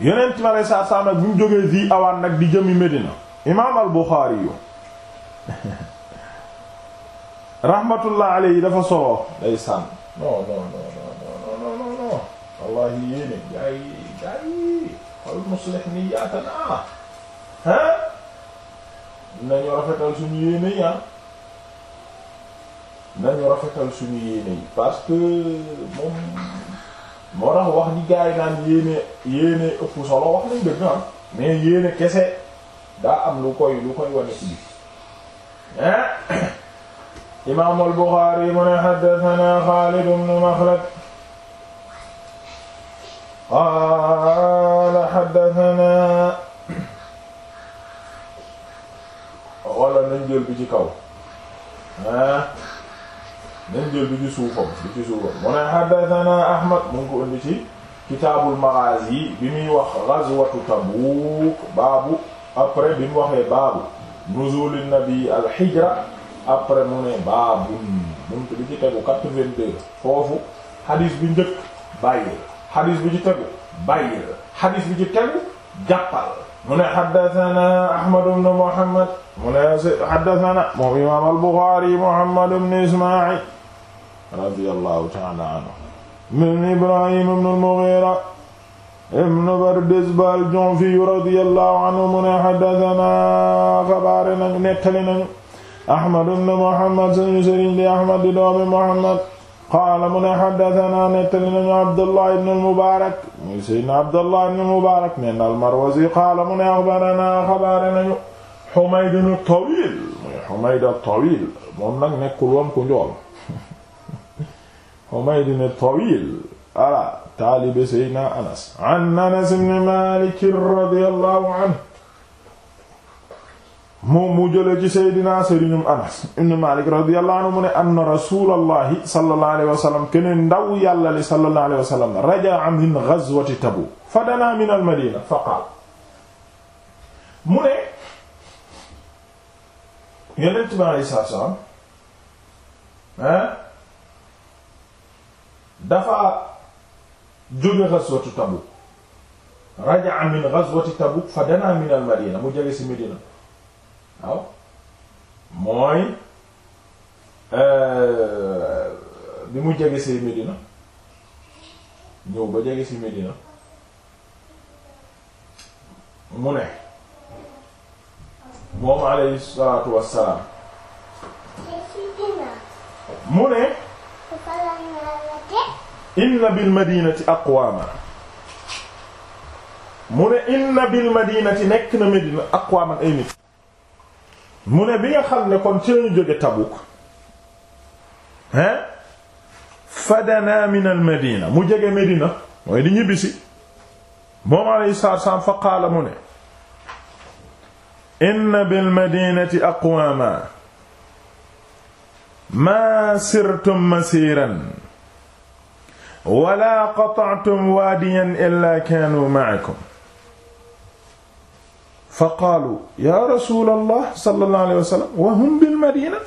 yonent ma lay saa saa bu mu jógee di awaan nag di jëmi Medina imaam al Buxaari yu rahmatullah alayhi dafa solo day sànn non non non non non non non wallahi yéene gaa yi gaa yi xol muslih ni yaatana ah nañu rafetal suñu yéene yi ah nañu rafetal suñu yéene yi parce que moom moo tax wax ni gaa yi naan yéene yéene ëpp solo wax nañ dëgg ah mais yéene kese daa am lu koy lu koy wane eh? ci imaam al-Buxaari mu ne haddasanaa Xaalid ibn Maxlad qaala haddasanaa wala nañ jël bi ci kaw ah nañ jël bi ci suufam bi ci suufam mu ne Ahmad mu ko indi ci kitaabul Maghaazi bi muy wax gazwatu Tabuuk baabu après bi mu waxee baabu nuzulin nabi alxijra après mu ne baabu buntu bi ci tegu 82 foofu xadis bi njëkk bàyyi xadis bi ci tegu bàyyi xadis bi ci tegu jàppal mu ne xaddatana ahmad ibn muhammad mu ne xaddatana moom imaam al-Buxaari muhammad ibn ismail radiyallahu ta'ala anhu min ibrahim ibn al-Mughira ibnu Bardizbah al-Ju'fi radiyallahu anhu mu ne haddasanaa xabaare nañu nettali nañu Ahmad ibnu Muhammad suñu sëriñ di Ahmad di doomi Muhammad qaala mu ne haddasanaa nettali nañu Abdullah ibnu al-Mubaarak muy Seydina Abdullah ibnu al-Mubaarak min al-Marwazi qaala mu ne axbaranaa xabaare nañu Humayd at-Tawiil muy Humayd at-Tawiil moom nag nekkul woon ku njool Humayd at-Tawiil ala taalibe seydna anas an anas ibn malik radiyallahu anhu moom mu jëlee ci seydina sëriñum anas ibn malik radiyallahu anhu mu ne anna rasulallahi sallallahu alayhi wa sallam keneen ndaw yàlla li sallallahu alayhi wa sallam raja'a min ghazwati tabu fa dana min al madina fa qaal mu ne yonent bi alayhi salaatu salaam dafa jóge ghazwatu Tabuk raja'a min ghazwati Tabuk fa min al Madina mu jege ci Medina euh, bi mu jege ci Medina ñëw ba jege ci salaatu wassalaam mu ne inna bil madinati aqwaama mu ne inna bil madinati nekk na Medina aqwaaman ay nit mu ne bi nga xam ne kon ci lañu jóge Tabuk hein fadana min al madina mu jege Medina mooy ñibbisi moom alayhi salaatu salaam fa qaala mu ne inna bil madinati aqwaama maa sirtum masiiran wala qata'tum waadiyan illaa kaanuu ma'akum fa qaalu yaa rasuulallah sallallahu alayhi wa sallam wa hum bil madiina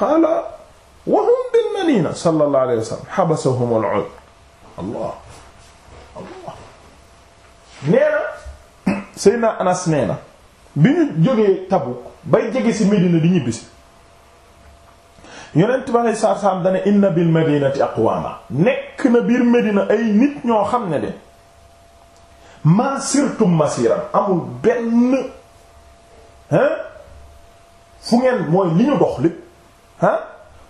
qaala wa hum bil madiina sallallahu alayhi wa sallam habasahumul 'udr allah allah nee na Seydina Anas nee na bi ñu jógee Tabuk bay jege ci Medina di ñibbisi yonent bi aleyhi salaatu salaam dana inna bil madinati aqwaama nekk na biir Medina ay nit ñoo xam ne de maa sirtum amul benn hein fu ngeen mooy li ñu dox lépp hein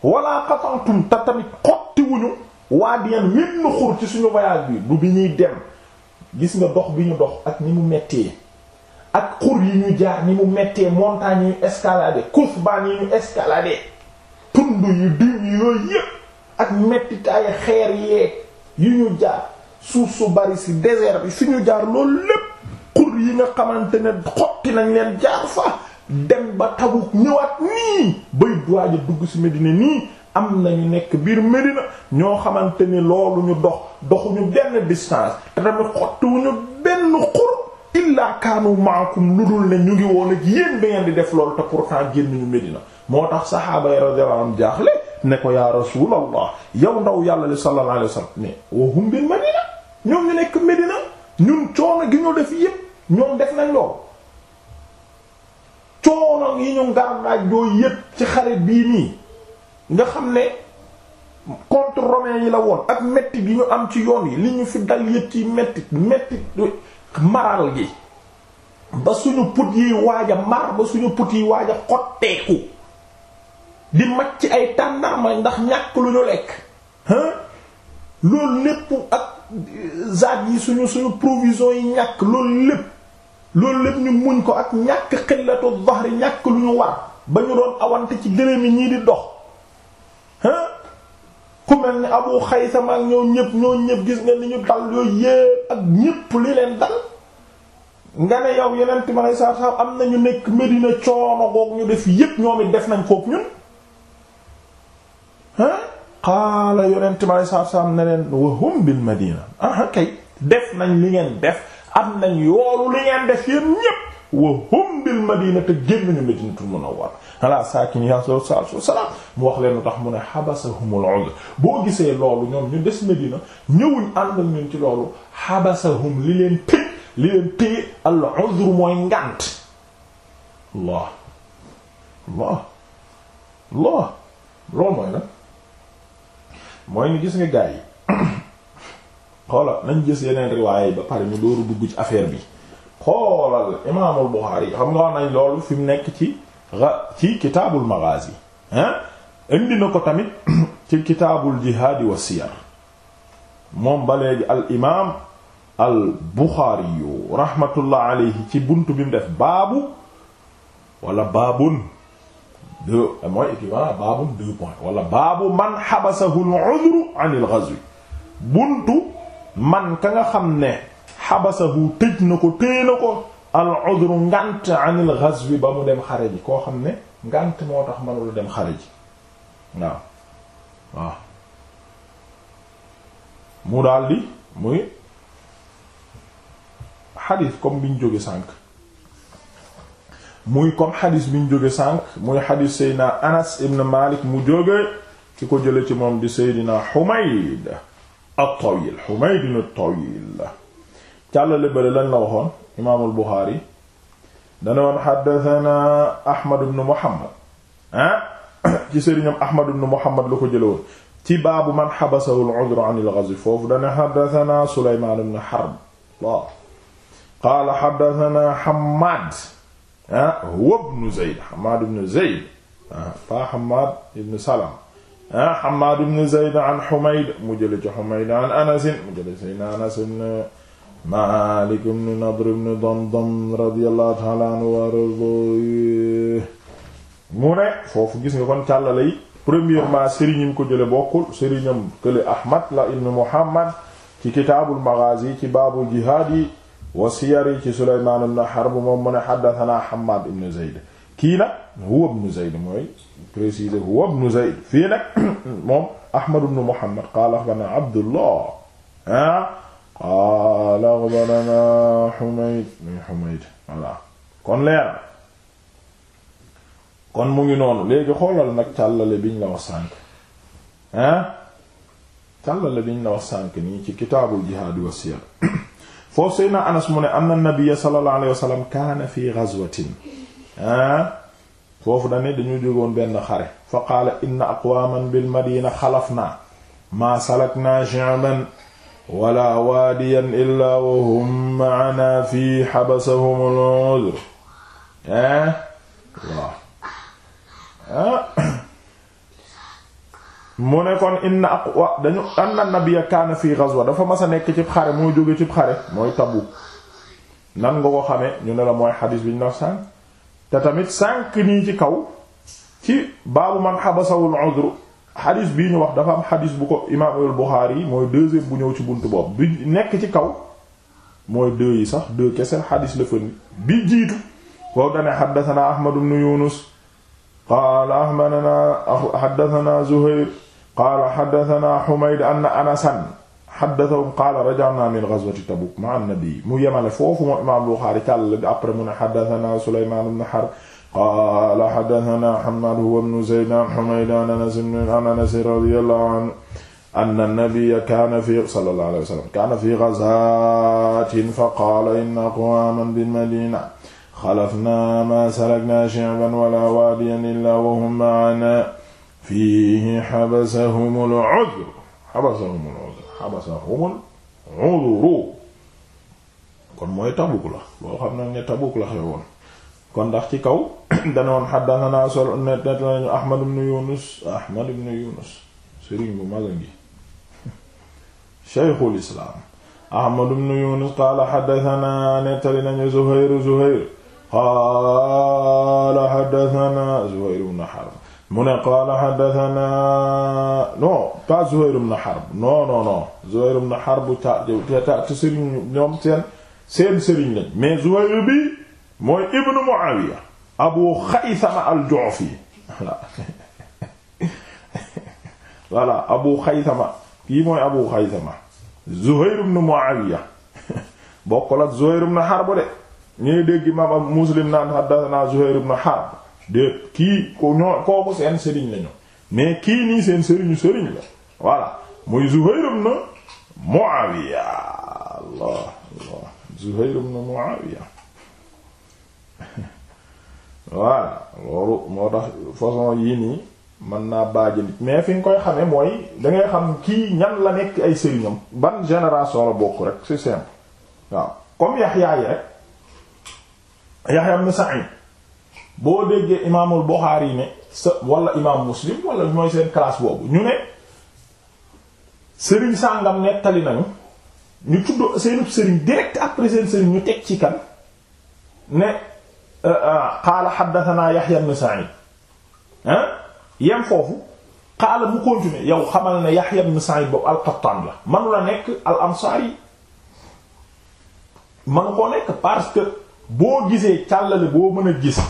wala qata'tum te xottiwuñu waa diyen wenn xur ci suñu voyage bi du bi ñuy dem gis nga dox bi ñu dox ak ni mu mettee ak xur yi ñu jaar ni mu mettee montagnes yi ñu escalader kufbaan yi ñu escalader tund yu diñ yooyu yëpp ak mettitaayu xeer yeeg yu ñu jaar suuf su bari si désert bi fi ñu jaar loolu lépp xur yi nga xamante ne xotti nañ leen jaar fa dem ba Tabuk ñëwaat nii bay duwaaja dugg ci Medina nii am nañu nekk biir Medina ñoo xamante ni loolu ñu dox doxuñu benn distance te tamit xottiwuñu benn xur illaa kaanu maakum lu dul ne ñu ngi woon ak yéen ba ngeen di def loolu te pourtant génn ñu Medina moo tax saxaaba yi radiyallahu anhum jaaxle ne ko yaa rasulallah yow ndaw yàlla li sallallahu alayhi wasallam ne wa hum madina ñoom ñu nekk Medina ñun coono gi ñu def yépp ñoom def nañ lool coono yi ñu naaj yooyu yépp ci xare bii nii nga xam ne contre romain yi la woon ak metti bi ñu am ci yoon yi li ñu fi dal yépp ci metti metti maral gi ba suñu put yi waaj a mar ba suñu put yi waaj xotteeku di mat ci ay tàndarma ndax ñàkk lu ñu lekk loolu lépp ak zaad yi suñu suñu provision yi ñàkk loolu lépp loolu lépp ñu muñ ko ak ñàkk xillatu dhahri ñàkk lu ñu war ba ñu doon awante ci gëléem yi ñii di dox hein ku ni abu xaysama ak ñoo ñëpp ñoo ñëpp gis nga ni ñu dal yooyu yépp ak ñëpp li leen dal nga ne yow yeneen ma lay saab saab am na ñu nekk Medina coono goog ñu def yépp ñoom it def nañ kook ñun qaala yonent bi alei satu salaam ne leen wa hum bil madina ah kay def nañ li ngeen def am nañ yoolu li ngeen def yéen ñépp wa hum bil madina te génn ñu madinatul munawwar ala saakin ya sallallahu salaam mu wax leen lu tax mu ne xabasahumul udr boo gisee loolu ñoom ñu des madina ñëwuñ àndal ñun ci loolu xabasahum li leen tëj li leen téye al udr mooy ngànt Allah Allah Allah loolu mooy la mooy ni gis nga gars yi xoola nañ gis yeneen riwaay ba pare ñu dooru dugg ci affaire bi xoolal imaamul Buxaari xam nga wax nañ loolu fi mu nekk ci ci kitaabul maghazi hein indi na ko tamit ci kitaabul jihaadi wa siyar moom ba léegi al imaam al Buxaari yu rahmatullah ci bunt bi mu def baabu wala baabun deux euh, mooy équivalent baabum deux points wala baabu man xabasahu al-udru anil ghazwi buntu man ka nga xam ne xabasahu tëj na ko téye na ko al-udru ngant anil ghazwi ba mu dem xare ji koo xam ne ngant moo tax mënula dem xare ji waaw waaw mu daal muy xadiis comme biñ jóge sànk muy comme xadis bi ñu jóge sànq muy xadis seydina anas ibn malik mu jóge ki ko jële ci moom di seydina xumayd at-tawil xumayd at-tawil càllale bale lañ la waxoon imaamul buxaari dana woon xaddathana ahmad ibn muhammad ah ci sëriñam ahmad ibn muhammad la ko jële woon ci baabu man xabasahu al-udru an al-ghazw foofu dana xaddathana suleymaan harb la qaala xaddathana ah huwa ibn Zayd Hammaad ibn Zayd ah pas Hammaad ibn Salam ah Hammaad ibn Zayd an Humayd mu jële ci Humayd an Anas mu jële ci Anas ibn Maalik ibn Nadr ibn Damdam radiyallahu ta'ala anhu wa radiyallahu mu ne foofu gis nga kon càllale yi premièrement sëriñam ko jële bokkul sëriñam kële Ahmad la ibn Muhammad ci kitaabul Maghaazi ci baabul jihaad yi wa siyari ci Sulaymaan ibn Harb moom mu ne haddathana Hammaad ibn Zayd kii nag huwa ibn Zayd mooy précisé huwa ibn Zayd fii moom Ahmad ibn Muhammad qaala axbarana Abdullah ah qaala kon leer kon mu ngi noonu léegi xoolal nag càllale biñ la wax sànk ah càllale biñ la wax sànk nii ci kitaabul jihaad wa siyar foofu Seydina Anas mu ne anna nabiyya sallallahu alayhi wa sallam kaana fi ghazwatin ah foofu dane dañu jógoon benn xare fa qaala inna aqwaman bil madina xalafna maa salakna shi'ban wala waadiyan illa wa hum ma'ana fi habasahum al-'udhr ah waaw ah mu ne kon inna aqwa dañu anna nabiyya kaana fii ghazwa dafa mas a nekk cib xare moo jóge cib xare mooy tabu nan nga ko xamee ñu ne la mooy xadiis bi ñu la sànq te tamit sànq nii ci kaw ci baabu man xabasawul udru xadiis bii ñu wax dafa am xadiis bu ko imaamul Buxaari yi mooy deuxième bu ñëw ci buntu boobu bi nekk ci kaw mooy deux yi sax deux kese xadiis la fën bi jiitu wow dane xaddatanaa Ahmad ibn Yunus qaala ahmadana xaddatanaa Zuhayr qaala xaddatanaa xumayd anna anasan xaddatahu qaala raja'naa min gazwati tabuk ma'a nabi mu yemale foofu moom imaam Buxaari càll bi après mu ne xaddatanaa Sulaymaan ibn Harb qaala xaddatanaa Hammaad huwa ibnu Zayd an Xumayd an Anas an Anas radiyallaahu anhu anna nabiyya kaana fii sallallaahu alayhi wa sallam kaana fii gazaatin faqaala inna aqwaaman bil-madiina xalafnaa maa salaknaa shi'ban wa laa waadiyan illaa wa hum ma'anaa fiihi xabasahumul udru xabasahumul udru xabasahumul udru kon mooy Tabuk la loolu xam nañ xewoon kon ndax ci kaw danoon xaddasanaa sol net net lañu Ahmad Yunus Ahmad ibn Yunus sëriñ bu mag a ngi Shaykhul Islaam Ahmad Yunus qaala xaddasanaa nettali nañu Zuhayr Zuhayr qaala xaddasanaa Zuhayr ibn Harb mu ne qaala xaddatana non pas Zuhayr ibn Harb non non non Zuhayr ibn Harb ta ta sëriñ ñoom seen seen sëriñ lañ mais Zuhayr bi mooy ibnu Muawiya Abu Xaysama al-Ju'fi voilà voilà Abu Xaysama kii mooy Abu Xaysama Zuhayr ibn Muawiya bokkul ak Zuhayr ibn Harb de ñuy dégg imaam Muslim naan xaddatana Zuhayr ibn Harb de kii ku ñoo kooku seen sëriñ lañu mais kii nii seen sëriñu sëriñ la voilà na Zuhayr ibn Muawiya Allah Allah Zuhayr ibn Muawiya voilà loolu moo tax façon yii nii mën naa baaje nit mais fi nga koy xamee mooy dangay xam kii ñan la nekk ay sëriñam ban génération la bokk rek c'est simple waaw comme Yaxya yi rek Yaxya ibn Sa'id boo déggee imaamul Buxaari ne sa wala imaam Muslim wala mooy seen classe boobu ñu ne sëriñ sàngam nettali nañu ñu tudd seenub sëriñ direct après seen sëriñ ñu teg ci kan ne euh, euh, qaala xaddatanaa Yaxya ibn Sa'iid ah yem foofu qaala mu continuer yow xamal ne Yaxya ibn Sa'iid boobu al-Qattaan la manu la nekk al-Ansaari manu koo nekk parce que boo gisee càllale boo mën a gis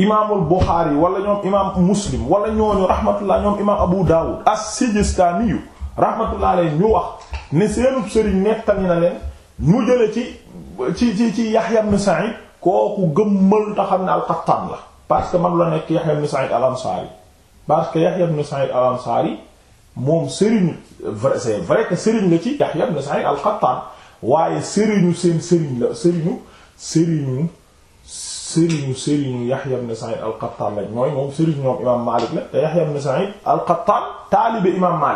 imaamul Buxaari wala ñoom imaam Muslim wala ñooñu rahmatullah ñoom imaam Abu Dawud as-Sijistaani yu rahmatullah alayhi ñu wax ne seenub sëriñ nettali na leen mu jële ci ci ci ci Yahya ibn Sa'id kooku gëmmal ta xam ne al-Qattaan la parce que man la nekk Yahya ibn Sa'id al-Ansaari parce que Yahya ibn Sa'id al-Ansaari moom sëriñ vrai c'est la ci Yahya ibn Sa'id al-Qattaan waaye sëriñu seen sëriñ la sëriñu sëriñu sëriñu sëriñu Yahya ibn Sa'id al-Qattan lañ mooy moom sëriñu ñoom imaam Maalik la te Yahya ibn Sa'id al la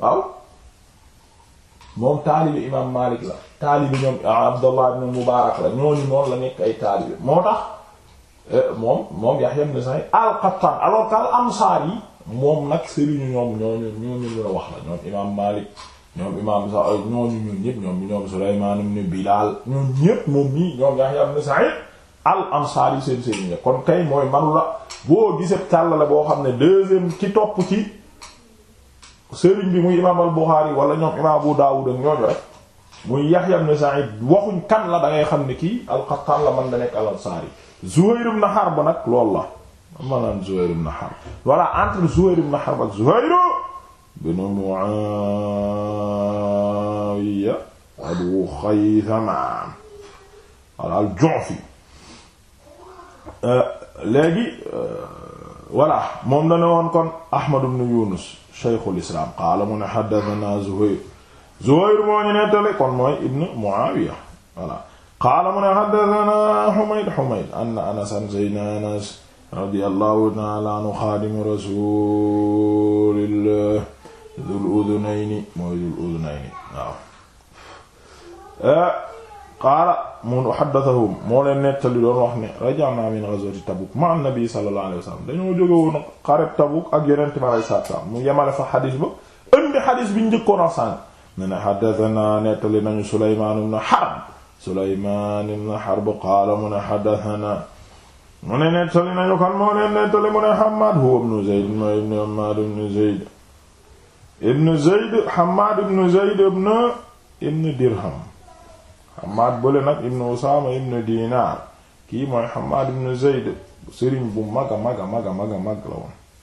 waaw moom taalibe imaam la ay taalibe moo eh, moom moom Yahya ibn Sa'id al-Qattan al-Ansaar yi moom nag sëriñu ñoom ñooñu ñooñu la wax la ñoom imaam Maalik ñoom imaam sa ñooñu ñun ñëpp ñoom ñoom Sulaymaan Bilaal ñun Yahya ibn Sa'id al ansaar yi seen seen kon kay mooy manu la boo gisee tàllale boo xam ne deuxième ki topp ci sëriñ bi muy imaam al Buxaari wala ñoom imaam Abu Daawud ak ñooñu rek muy Yaxya ibn Sa'id waxuñ kan la da xam ne kii al-Qattaan la man da nekk al ansaar yi Zuhayr ibn Harb nag lool la ma naan Zuhayr ibn Harb voilà entre Zuhayr ibn Harb ak Zuhayr ibn Mu'aawiya Abu Xaysama al-Ju'fi Euh, léegi euh, voilà moom na ne woon kon ahmad ibn yunus shaykhul islam qaala mu ne haddathana zuhayr zuhayr moo ñu nettali kon mooy ibn muawiya voilà qaala mu ne haddathana humayd humayd anna anasan sayyidina anas radiyallahu ta'ala anhu xaadimu rasulillah dhul udunayni mooy dhul udunayni waaw euh, qaala mun haddathahum moo leen nettali doon wax ne raja'na min ghazwati Tabuk ma'a an-nabi sallallahu alayhi wa sallam dañoo jóge woon xareb Tabuk ak yonente mi alayhi salaatu salaam mu yemale fa xadis ba indi xadis bi njëkkoon a sànq ne ne haddathana nettali nañu Sulaymaan ibn Harb Sulaymaan ibn Harb qaala mu ne haddathana mu ne nettali nañu kan moo leen nettali mu ne Hammaad huwa ibn Zayd ma ibn Hammaad ibn Zayd ibn Zayd Hammaad ibn Zayd ibn ibn Dirham Hammaad bële nag ibnu Usaama ibnu Dinaar kii mooy Hammaad ibnu Zayd sëriñ bu mag a mag a mag a mag a mag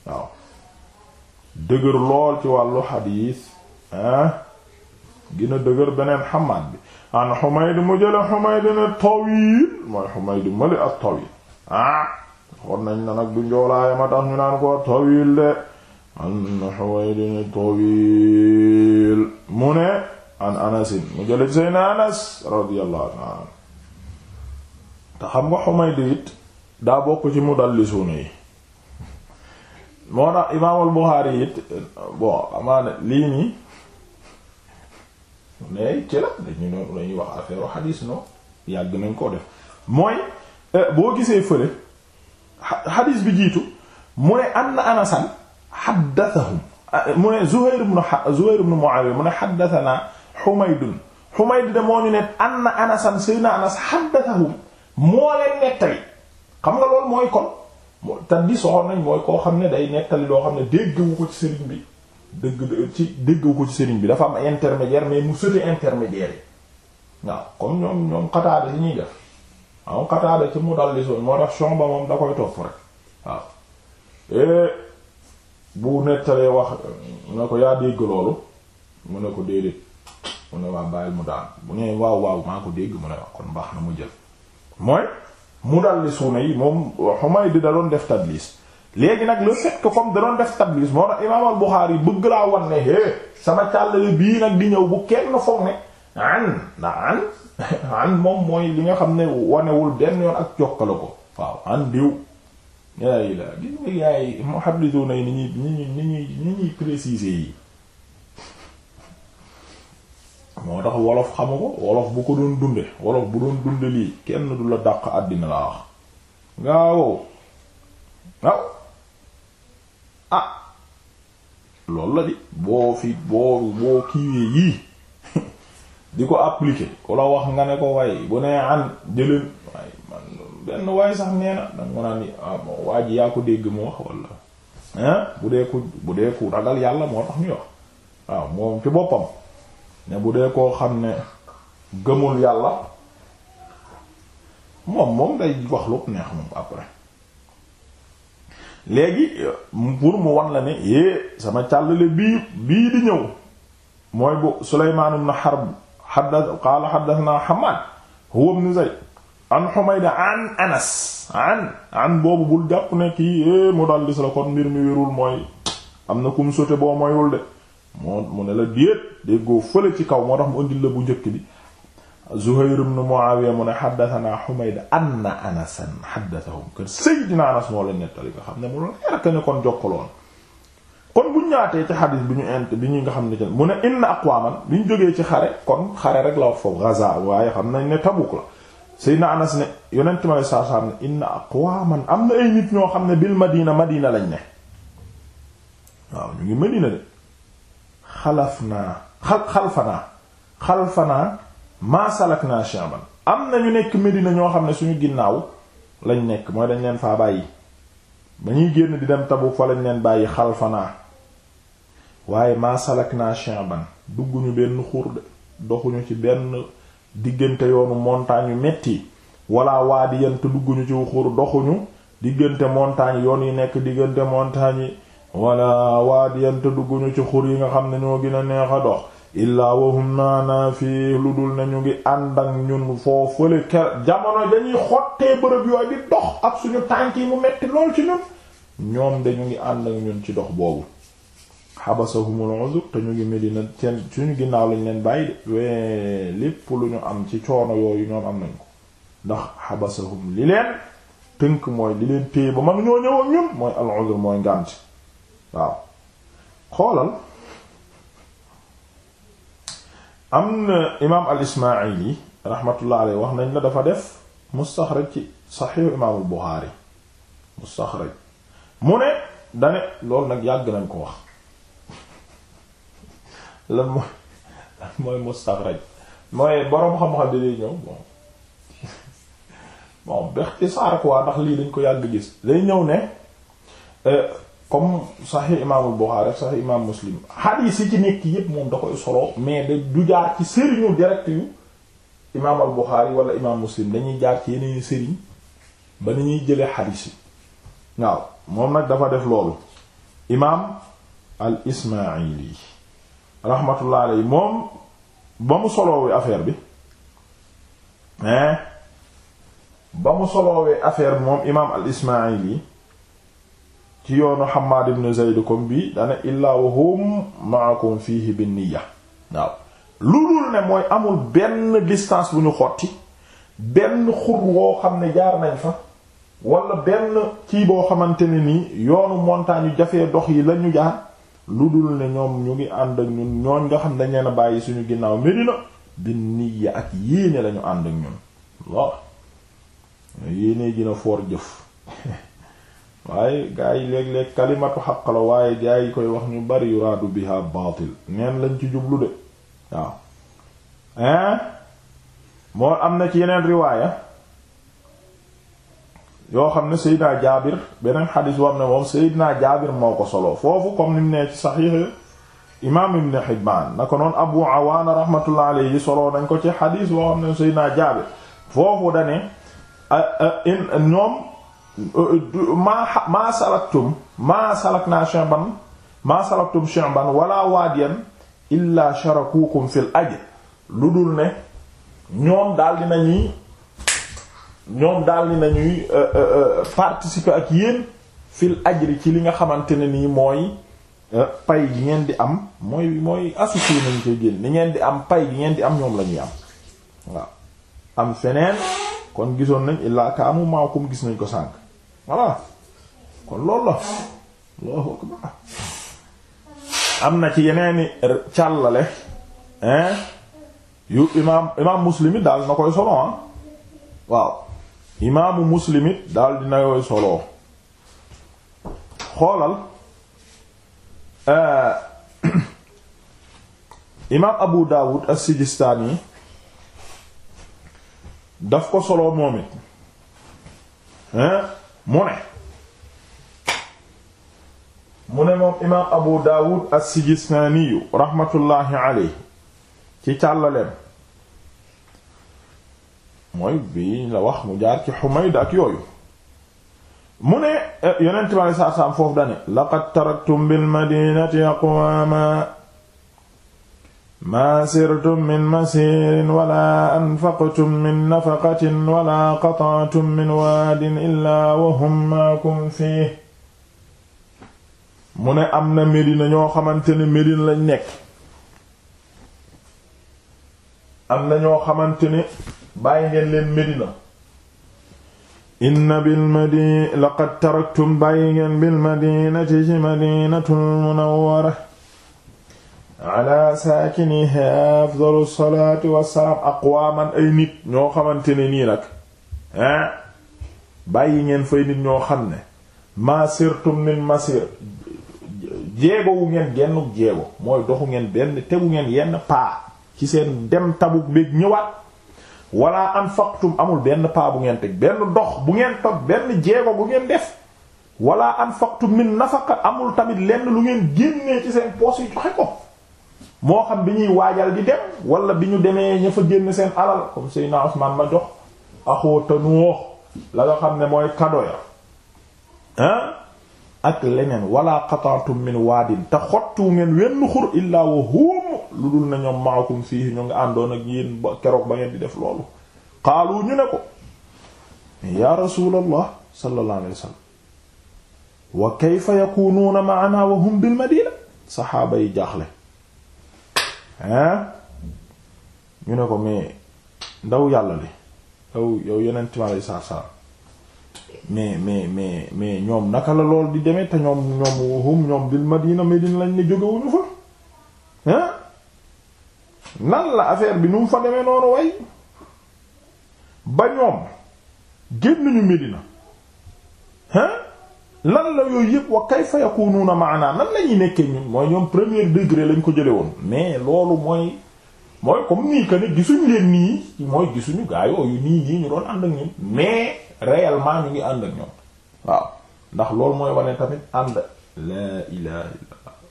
la dëgër lool ci wàllu xadiis ah gina dëgër beneen Hammaad bi an Humayd mu jële Humayd at-Tawiil tawiil ah na nag du njoolaaye ma tax ñu naan ko at tawiil mu ne an anasin mu jële seyna anas radiyallahu ta'ala te xam nga Humayd it daa bokk ci mudallisuuna yi moo tax imaamul Buxaari it bon amaana lii nii mais ci la dañu doon dañuy wax affaire xadiis non yàgg nañ koo def mooy eh, boo gisee fële xadiis bi jiitu mu ne anna anasan xaddathahum mu ne Zuhayr ibn Zuhayr ibn Mu'aawiya mu ne xaddathanaa Humaydun Humayd de moo ñu ne anna Anasan sayna Anas haddathahum moo leen nettali xam nga loolu mooy kon te di soxor nañ mooy koo xam ne day nettali loo xam ne dégguwu ko bi dëgg ci dégguwu ko ci sëriñ bi dafa am intermédiaire mais mu sëti intermédiaire yi waaw comme ñoom ñoom Qataada li ñuy def waaw Qataada ci mu dal li soon moo tax ba moom da koy topp rek waaw eh, bu nettalee wax na ko yaa dégg loolu mu ne ko déedéet mu ne waa bàyyil mu daan bu nee waaw waaw maa ko dégg mu ne wax kon baax na mu jël mooy mu dal li suuna yi moom Humayd di da def tadlis léegi nag le fait que comme def tadlis moo tax imaam al-Bukhari bëgg laa wan ne é sama càllale bii nag di ñëw bu kenn foofu ne an ndax an an moom mooy li nga xam ne wanewul benn yoon ak jokkale ko waaw an diw yaay la gis nga yaay muhaddisuna yi ni ñuy ni ñuy ni ñuy ni ñuy préciser yi moo tax wolof xamu ko wolof bu ko doon dunde wolof bu doon dunde lii kenn du la dàq àddina laa wax ngaawow waaw ah loolu la di boo fi boo boo kiiwee yii di ko appliquer ku la wax nga ne ko waaye bu nee an jëleen waaye man benn waaye sax nee danga mun a ni ah, yaa ko dégg mu wax wala hein bu waaw moom ci boppam ne bu dee koo xam ne gëmul yàlla moom moom day wax lu neex moom après léegi pour mu wan la ne é eh, sama càllale bii bii di ñëw mooy bu Sulaymaan ibn Harb xadda qaala xaddathna Hammaad huwa ibn Zayd an Humayd an Anas an an boobu bul jàpp ne kii é eh, mu dal dis la kon mbir mooy am na kum sote boo moywul de moo mu ne la déet déggoo fële ci kaw moo tax mu indil la bu njëkk bi Zuhayr ibn Muawiya mu ne xaddatanaa Humayd anna Anasan xaddatahum kër Seydina Anas moo leen nettali nga xam ne mu leer ka ne kon jokkaloon ci xadis bi ñu int bi ñu nga xam ne ci mu ne inna aqwaman bi ñu jógee ci xare kon xare rek la wax foofu waaye xam nañ ne Tabuk la Seydina Anas ne yonent ma saa saa ne inna aqwaman am na ay nit ñoo xam ne bil Madina Madina lañ ne waaw ñu ngi Madina de xalaf naa xal xalfanaa xalfanaa maa salaknaa sha'ban am na ñu nekk Medina ñoo xam ne suñu ginnaaw lañ nekk mooy dañ leen faa bàyyi ba ñuy génn di dem tabu fa lañ leen bàyyi xalfanaa waaye maa salaknaa sha'ban dugguñu benn xur doxuñu ci benn diggante yoonu montagne yu metti walla waadiyan te dugguñu ci xur doxuñu diggante montagne yoon yi nekk diggante montagne yi wala waadiyante dugguñu ci xur yi nga xam ne ñoo gën a neex a dox illaa naa naa fii lu dul na ñu ngi ànd ak ñun foofale ker jamono dañuy xottee bërëb yooyu di dox ak suñu tànk yi mu metti lool ci ñun ñoom dañu ngi ànd ak ñun ci dox boobu xabasahumul uzur te ñu ngi medina seen suñu ginnaaw lañ leen bàyyi de wee lépp lu ñu am ci coono yooyu ñoom am nañ ko ndax xabasahum li leen tënk mooy li leen téye ba mag ñoo ñëwoon ñun mooy al uzur mooy waaw xoolal am na imaam al ismaili rahmatullah alayhi wax nañ la dafa def mustaxraj ci saxiix imaamul buxaari mustaxraj mu ne dane loolu nag yàgg nañ ko wax lan mooy lan mooy mustaxraj mooy boroom xam-xam di day ñëw bon bon bex ci saar ndax lii dañ ko yàgg gis day ñëw ne euh, comme saxi imaamul Buxaari saxi imaam Muslim xadiis ci nekk yépp moom da koy solo mais du jaar ci sëriñu direct yu imaamul Buxaari wala imaam Muslim dañuy jaar ci yeneen sëriñ ba ni ñuy jëlee xadiis yi moom nag dafa def loolu imaam al Ismaayili rahmatullah alayhi moom ba mu soloowe affaire bi ba mu soloowe affaire bi moom imaam Ismaayili ci yoonu Hammaad ibn Zayd comme bi dana illaa wa hum ma'akum fiihi bin niyya waaw lu dul ne mooy amul benn distance bu ñu xotti benn xur woo xam ne jaar nañ fa wala benn kii boo xamante ni nii yoonu montagne yu jafe dox yi la ñu jaar lu dul ne ñoom ñu ngi ànd ak ñun ñooñ nga xam dañ leen bàyyi suñu ginnaaw Medina bin niyya ak yéene lañu ànd ak ñun waaw yéene gën a foor jëf waaye gaa yi léeg-léeg kalimatu xaq la waaye gaa yi koy wax ñu bari yuraadu biha baatil neen lañ ci jublu de waaw moo am na ci yeneen riwaaya yoo xam ne Seydina Jaabir beneen xadis wam ne moom Seydina Jaabir moo ko solo foofu comme ni mu nee ci saxiix imaam Ibn Hibbaan na ko noon Abu Awaana rahmatullah alayhi solo nañ ko ci xadis woo xam ne Seydina Jaabir foofu dane ñoom maa maa salaktum maa salaknaa shi'ban maa salaktum shi'ban wala waadiyan illaa sharakuukum fil ajr lu dul ne ñoom daldi di nañuy ñoom daal di nañuy euh, euh, euh, participer ak yéen fil ajri ci li nga xamante ne nii mooy pay gi ngeen di am mooy mooy associé nañ koy génn ni ngeen di am pay gi ngeen di am ñoom la ñuy am waaw am feneen kon gisoon nañ illaa kaamu maakum gis nañ ko sànk voilà kon loolu la am na ci yeneeni càllale hein yu imaam imaam muslimit daal na koy solo ah waaw imaamu muslimit daal dina koy solo xoolal eh, imaam abu daawud as-sijistaani daf ko solo moom it hein mu ne mu ne moom imaam abu daawud as-sijistaaniyu raxmatullaahi alayhi ci càllaleem mooy bi la wax mu jaar ci xumayd ak yooyu mu ne eh, yonent bi alayhi salaam foofu dane laqad taraktum bil madinati aqwaama maa sirtum min masiirin wala anfaqtum min nafaqatin wala qata'tum min waadin illaa wa maakum fiih mu ne am na Medina ñoo xamante ne Medina lañ nekk am na ñoo xamante ne bàyyi ngeen leen Medina inna bil madina laqad taraktum bàyyi ngeen bil madinati ci madinatul munawwara ala saakiniha afdalu salaati wassalaam aqwaaman ay nit ñoo xamante ne nii nag hein bàyyi ngeen fay nit ñoo xam ne masirtum min masir jeegowu ngeen gennuk jeego mooy doxu ngeen benn tegu ngeen yenn paa ci seen dem Tabuk béeg ñëwaat wala anfaqtum amul benn paa bu ngeen teg benn dox bu ngeen tog benn jeego bu ngeen def wala anfaqtum min nafaqa amul tamit lenn lu ngeen génnee ci seen poos yi joxe ko moo xam bi ñuy waajal di dem wala bi ñu demee ña génn seen alal comme Seydina Usmaan ma jox axoo xam ne mooy kado ak leneen wala qata'tum min waadin te xottu ngeen wenn xur illaa wa huwa lu dul na ñoom maakum fii ñu nga àndoon ak yéen ba keroog ba ngeen di def loolu xaalu ñu ne ko ya rasulallah sallallahu alayhi wasallam wa kayfa yakunuuna ma'ana wa bil madina saxaaba yi jaaxle hein ñu ne ko mais ndaw yàlla li yow yow yeneen time alay saa saa mais mais mais mais ñoom naka la lool di demee te ñoom ñoom hum ñoom bil Madina Medina lañ ne jógewuñu fa hein nan la affaire bi nu mu fa demee noonu way ba ñoom génn ñu Medina hein lan la yooyu yëpp wa kayfa yakunuuna maanaa nan la ñuy nekkee ñun mooy ñoom premier degré lañ ko jële woon mais loolu mooy mooy comme nii que ne gisuñu leen nii mooy gisuñu gaa yooyu nii nii ñu doon ànd ak ñun mais réellement ñu ngi ànd ak ñoom waaw ndax loolu mooy wane tamit ànd laa ilaha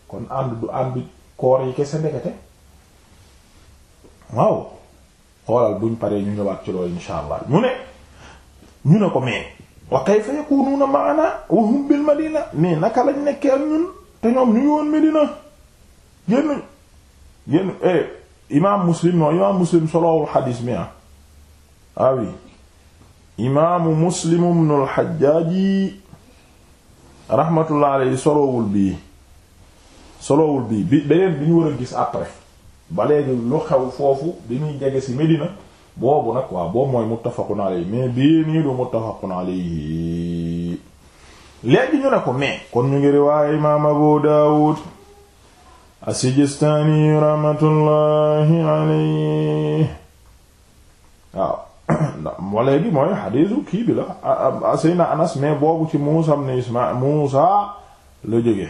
kon ànd du ànd koor yi kese ndekete waaw xoolal buñ paree ñu ñëwaat ci loolu insha allah mu ne ñu ne ko mais wa kayfa yakunuuna maana wa hum bil madina naka lañ nekkee ak ñun te ñoom ñu ngi woon Medina génn génn eh, imaam muslim non imaam muslim solowul xadiis mi ah waaw ah imaamu muslim ibnul xajjaaji rahmatullah alayhi solowul bii solowul bii bi beneen bi ñu war a gis après ba léegi lu xew foofu dañuy jege ci Medina boobu nag waa boobu mooy muttafaqun alayhi mais bii nii du muttafaqun alayhi léegi ñu ne ko mais kon ñu ngi riwaaya imaam Abu Daawud as-Sijistaani rahmatullahi alayhi waaw wala léegi mooy xadiisu kii bi la Seydina Anas mais boobu ci Muusaa ibn Ismaayil Muusaa la jóge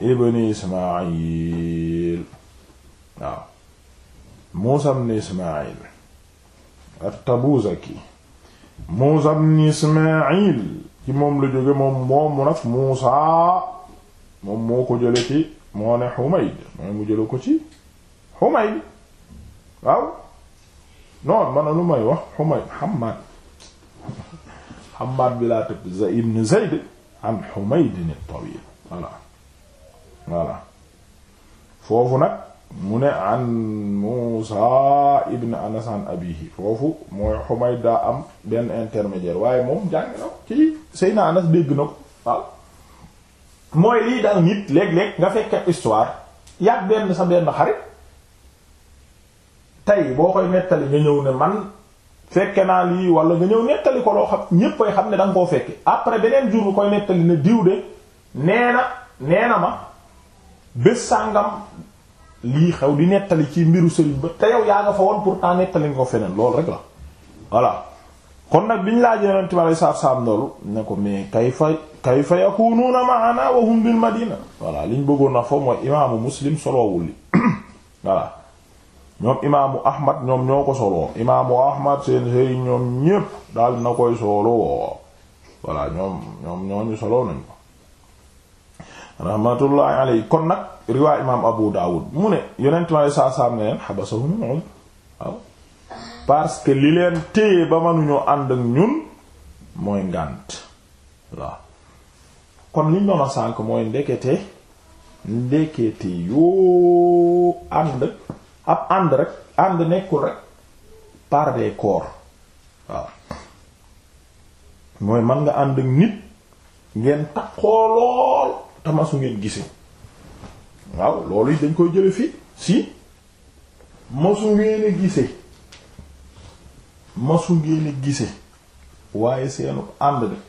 ibn Ismaayil waaw Muusaa ibn Ismaayil at-Tabuzaki Muusa ibn Ismaayil ci moom la joge moom moomu nag Muusa moom moo ko jële ci moo ne Humayd mooy mu jële ko ci Humayd waaw noon mana lu may wax Humayd Hammaad Hammaad bi laa tëb ibn Zayd an Humayd at-Tawiil voilà voilà foofu nag mu ne an Muusa ibn Anas an abihi foofu mooy Humayd daa am benn intermédiaire waaye moom jàng na ko ci Seydina Anas dégg na ko waaw mooy lii daal nit léeg-léeg nga fekk histoire yàgg benn sa benn xarit tey boo koy nettali nga ñëw ne man fekke naa lii wala nga ñëw nettali ko loo xam ñépp koy xam ne da koo fekke après beneen jour bu koy nettali ne diw de nee na nee na ma bés sàngam lii xew di nettali ci mbiru sëriñ ba te yow yaa nga fa woon pourtant nettali nga ko feneen loolu rek la voilà kon nag biñ laaj yonent bi alei satu salaam loolu ne ko mais kayfa kayfa yakunuuna ma'ana wa hum bil madina voilà liñ bëggoon a fo mooy imaamu muslim solowul li voilà ñoom imaamu ahmad ñoom ñoo ko soloo imaamu ahmad seen sëriñ ñoom ñépp daal na koy soloo voilà ñoom ñoom ñooñu soloo nañ ko rahmatullahi alayhi kon nag riwaay imaam Abu Dawud mu ne yonent ma saa saam ne leen xabasahu min uzr waaw parce que li leen téye ba mënuñoo ànd ak ñun mooy ngànt waaw kon liñ doon a sànk mooy ndekete ndekete yoo ànd ab ànd rek ànd nekkul rek par des corps waaw mooy mën nga ànd ak nit ngeen taxoo lool tamasu ngeen gisee waaw loolu yi dañ koy jële fii si masu ngeen a gise masu ngeen a waaye seenu ànd de